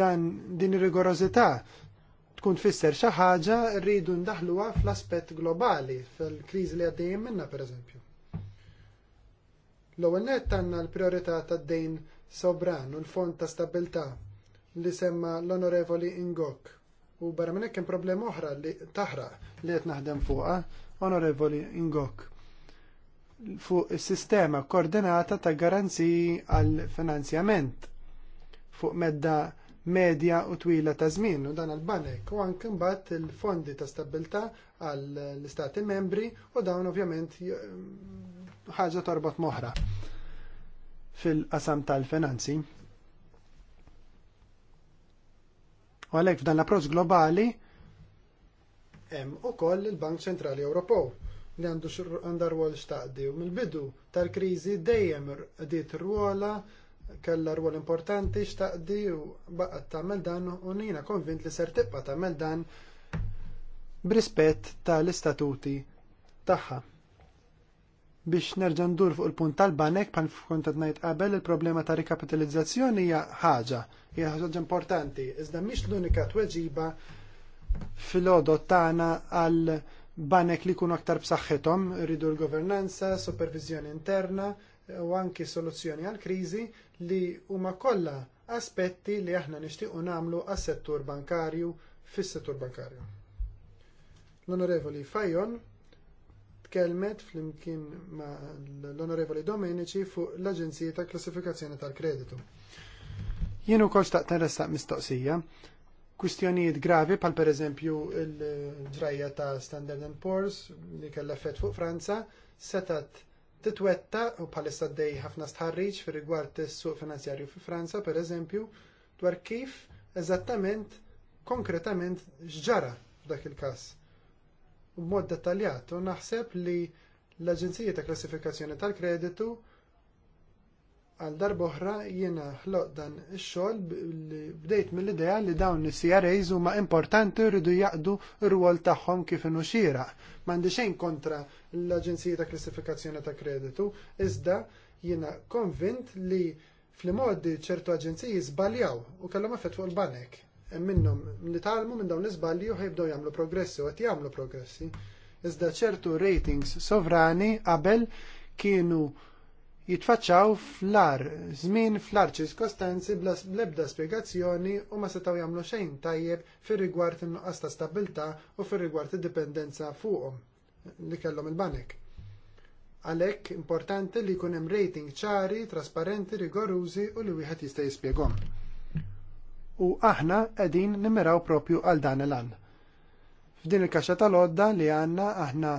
dan din rigorozità tkun tfisser xi ħaġa rridu ndaħluha fl-aspett globali fil-kriżi li minna, minnha pereżempju. L-ewwel nett għandna l-priorità tad-dejn sovran u l-fond ta' stabilità li semma l-Onorevoli Ingok. U barra minn hekk hemm problema oħra li taħraq li qed naħdem fuqha, Onorevoli Ingok fuq is-sistema koordinata ta' garanziji għall finanzjament fuq medda medja u twila ta' żmien u dan għal-banek u anke mbagħad il-fondi ta' stabilità għall-istati membri u dawn ovvjament eh, ħaġa torbot moħra fil-qasam tal-finanzi. U għalhekk f'dan l-approċċ globali hemm ukoll il-Bank Ċentrali Ewropew li għandu għandha rwol xtaqdi u mill-bidu tal-kriżi dejjem qdiet rwola kella rwol importanti xtaqdi u baqgħet tagħmel dan u nina konvint li ser tibqa' tagħmel dan b'rispett tal-istatuti tagħha biex nerġa' ndur fuq il-punt tal-banek pan kont qed ngħid qabel il-problema ta' rikapitalizzazzjoni hija ħaġa, hija ħaġa importanti, iżda mhix l-unika tweġiba fil-għodot tagħna għal banek li jkunu aktar b'saħħithom, rridu l-governanza, supervizjoni interna, u anki soluzzjoni għall kriżi li huma kollha aspetti li aħna nixtiequ nagħmlu għas-settur bankarju fis-settur bankarju. L-Onorevoli Fajon tkellmet flimkien ma l-Onorevoli Domenici fuq l-Aġenzija ta' Klassifikazzjoni tal-Kreditu. Jien ukoll staqt nressaq mistoqsija, kwistjonijiet gravi pal pereżempju l ġrajja ta' Standard Poor's li kellha effett fuq Franza setat titwetta u bħalissa dej ħafna stħarriġ fir rigward is-suq finanzjarju fi Franza, pereżempju, dwar kif eżattament konkretament x'ġara f'dak il-każ. B'mod dettaljat u naħseb li l-Aġenzija ta' Klassifikazzjoni tal-Kreditu għal darboħra jiena ħloq dan ix-xogħol bdejt mill-idea li dawn is-CRAs huma importanti rridu jaqdu r-rwol tagħhom kif inhu xieraq. M'għandi xejn kontra l-Aġenzija ta' Klassifikazzjoni ta' Kreditu, iżda jiena konvint li fl-modi ċertu aġenziji żbaljaw u kellhom effett fuq il-banek. Minnhom talmu minn dawn l-iżbalji u ħejbdew jagħmlu progressi u qed jagħmlu progressi. Iżda ċertu ratings sovrani qabel kienu jitfaċċaw fl flar, żmien fl-ar ċirkostanzi bl-ebda spjegazzjoni u ma setgħu jagħmlu xejn tajjeb fir-rigward in-nuqqas ta' stabilta u fir-rigward id-dipendenza fuqhom li kellhom il-banek. Għalhekk importanti li jkun hemm rating ċari, trasparenti, rigorużi u li wieħed jista' jispjegahom. U aħna qegħdin nimmiraw propju għal dan il-għan. F'din il-kaxxa tal-odda li għandna aħna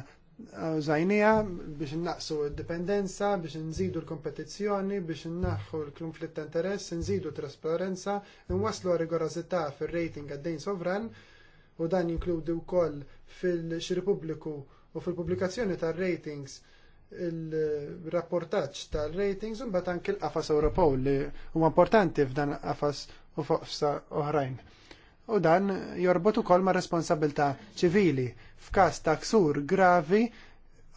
użajnija biex innaqsu d-dipendenza, biex nżidu l-kompetizzjoni, biex innaħħu l-konflitt ta' interess, nżidu trasparenza, nwaslu rigorozità fir-rating għad-dejn sovran u dan jinkludi wkoll fil-xiri pubbliku u fil-pubblikazzjoni tar-ratings il-rapportaċ tal-ratings un bat anki l-qafas Ewropew li huwa importanti f'dan l-qafas u foqsa oħrajn u dan jorbot ukoll ma' responsabilità ċivili. F'każ ta' ksur gravi,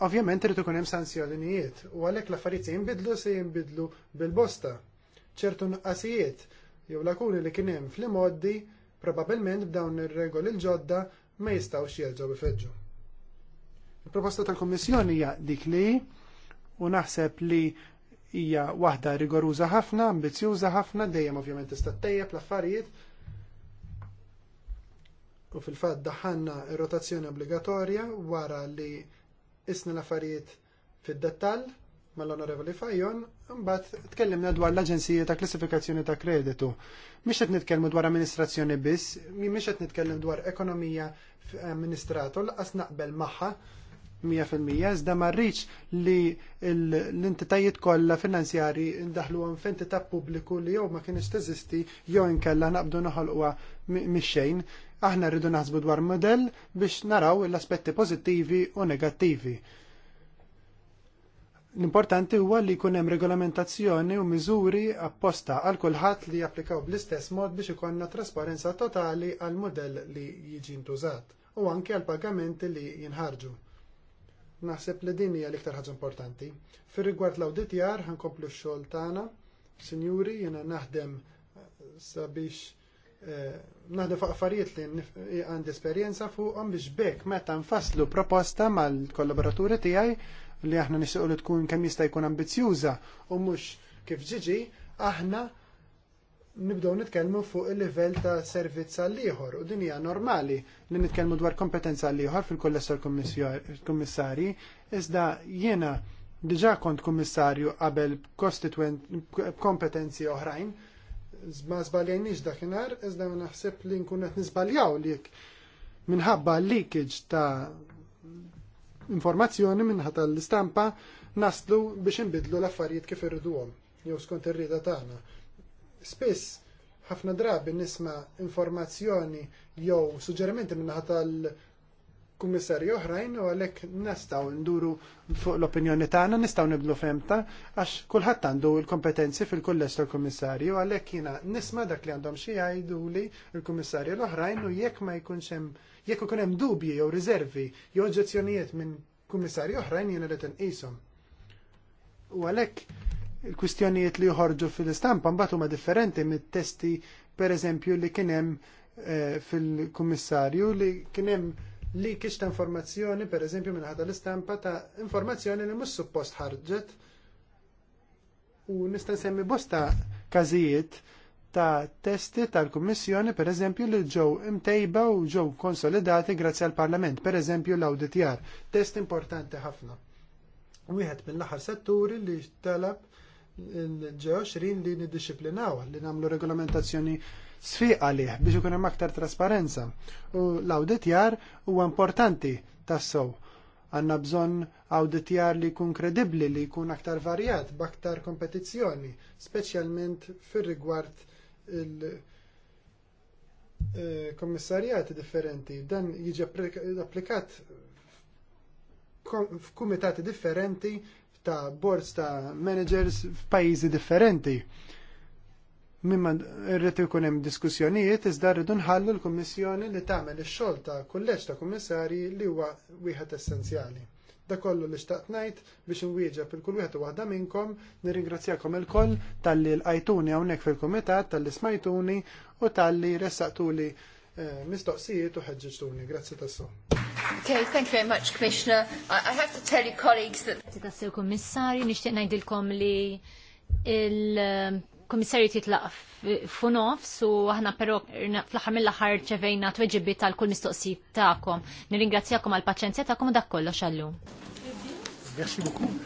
ovvjament irid ikun hemm sanzjonijiet u għalhekk l-affarijiet se jinbidlu se jinbidlu bil-bosta. ċertu nqasijiet jew lakuni li kien hemm fl-imoddi probabbilment b'dawn ir-regoli l-ġodda ma jistgħux jerġgħu ifeġġu. Il-proposta tal-Kummissjoni hija dik li u naħseb li hija waħda rigoruża ħafna, ambizzjuża ħafna, dejjem ovvjament tista' tejjeb l-affarijiet, U fil-fatt daħanna rotazzjoni obbligatorja wara li isna l-affarijiet fid-dettall mal-Onorevoli Fajon, mbagħad tkellimna dwar l-Aġenzija ta' Klassifikazzjoni ta' Kreditu. Mhix qed nitkellmu dwar amministrazzjoni biss, mhix qed nitkellem dwar ekonomija amministratu laqas naqbel magħha 100% iżda ma rridx li l-entitajiet kollha finanzjari ndaħluhom f'entità pubbliku li jew ma kienx teżisti jew inkella naqbdu noħolqwa mix-xejn. Aħna rridu naħsbu dwar model biex naraw l-aspetti pożittivi u negattivi. L-importanti huwa li jkun hemm regolamentazzjoni u miżuri apposta għal kulħadd li japplikaw bl-istess mod biex ikollna trasparenza totali għal modell li jiġi ntużat u anke għal pagamenti li jinħarġu naħseb li din hija l-iktar ħaġa importanti. Fir-rigward l-awditjar ħankomplu x-xogħol tagħna. Sinjuri, jiena naħdem sabiex Eh, naħdu fuq affarijiet li għandi esperjenza fuqhom biex bekk meta nfasslu proposta mal-kollaboraturi tiegħi li aħna nixtiequ li tkun kemm jista' jkun ambizjuża u mhux kif ġiġi aħna nibdew nitkellmu fuq il-livell ta' servizz għal ieħor u din hija normali li nitkellmu dwar kompetenza għal ieħor fil-kollessor kummissarji iżda jiena diġà kont kummissarju qabel kompetenzi oħrajn ma żbaljajniex dakinhar iżda naħseb li nkunet qed li minħabba leakage ta' informazzjoni minħa tal-istampa naslu biex inbidlu l-affarijiet kif għom, jew skont ir-rieda tagħna. Spiss ħafna drabi nisma informazzjoni jew suġġerimenti minnaħa tal Kummissarju oħrajn u għalhekk nistgħu nduru fuq l-opinjoni tagħna nistgħu niblu femta għax kulħadd għandu l-kompetenzi fil kullest tal-kummissarju għalhekk jiena nisma' dak li għandhom xi jgħiduli l kummissarju l-oħrajn u jekk ma jkunx hemm jekk ikun hemm dubji jew riservi jew oġġezzjonijiet minn Kummissarju oħrajn jiena qed inqishom. U għalhekk il-kwistjonijiet li joħorġu fil-istampa mbagħad huma differenti mit-testi pereżempju li kien hemm eh, fil-kummissarju li kien hemm li kiex ta' informazzjoni, per eżempju, minn ħadha l-istampa ta' informazzjoni li mhux suppost ħarġet u nista' nsemmi bosta każijiet ta' testi tal-Kummissjoni, per eżempju, li ġew imtejba u ġew konsolidati grazzi għall parlament per eżempju l-auditjar, test importanti ħafna. Wieħed mill-aħħar setturi li talab ġew 20 li niddisciplinaw li nagħmlu regolamentazzjoni sfiq għalih biex ikun hemm aktar trasparenza. U l-awditjar huwa importanti tassew. Għanna bżonn awditjar li jkun kredibbli li jkun aktar varjat b'aktar kompetizzjoni, speċjalment fir-rigward il- eh, kommissarjati differenti, dan jiġi applikat f'kumitati differenti ta' boards ta' managers f'pajjiżi differenti. Mimma rrid ikun hemm diskussjonijiet iżda rridu nħallu l-Kummissjoni li tagħmel ix-xogħol ta' kulleġġ ta' kummissarji li huwa wieħed essenzjali. Da kollu li xtaqt ngħid biex inwieġeb il kull wieħed waħda minnkom, nirringrazzjakom il-koll talli l-qajtuni hawnhekk fil-kumitat, tal-li smajtuni u talli ressaqtuli eh, mistoqsijiet u ħeġġiġtuni. Grazzi tassu. Okay, thank you very much, Commissioner. I have to tell you colleagues that... Tassew, Kommissari, nixtieq ngħidilkom li il komissarju titlaq funof, su aħna pero fl-aħħar mill-aħħar ċevejna tweġibi tal-kull mistoqsijiet tagħkom. Nirringrazzjakom għall paċenzja tagħkom u dak kollox għallum. beaucoup.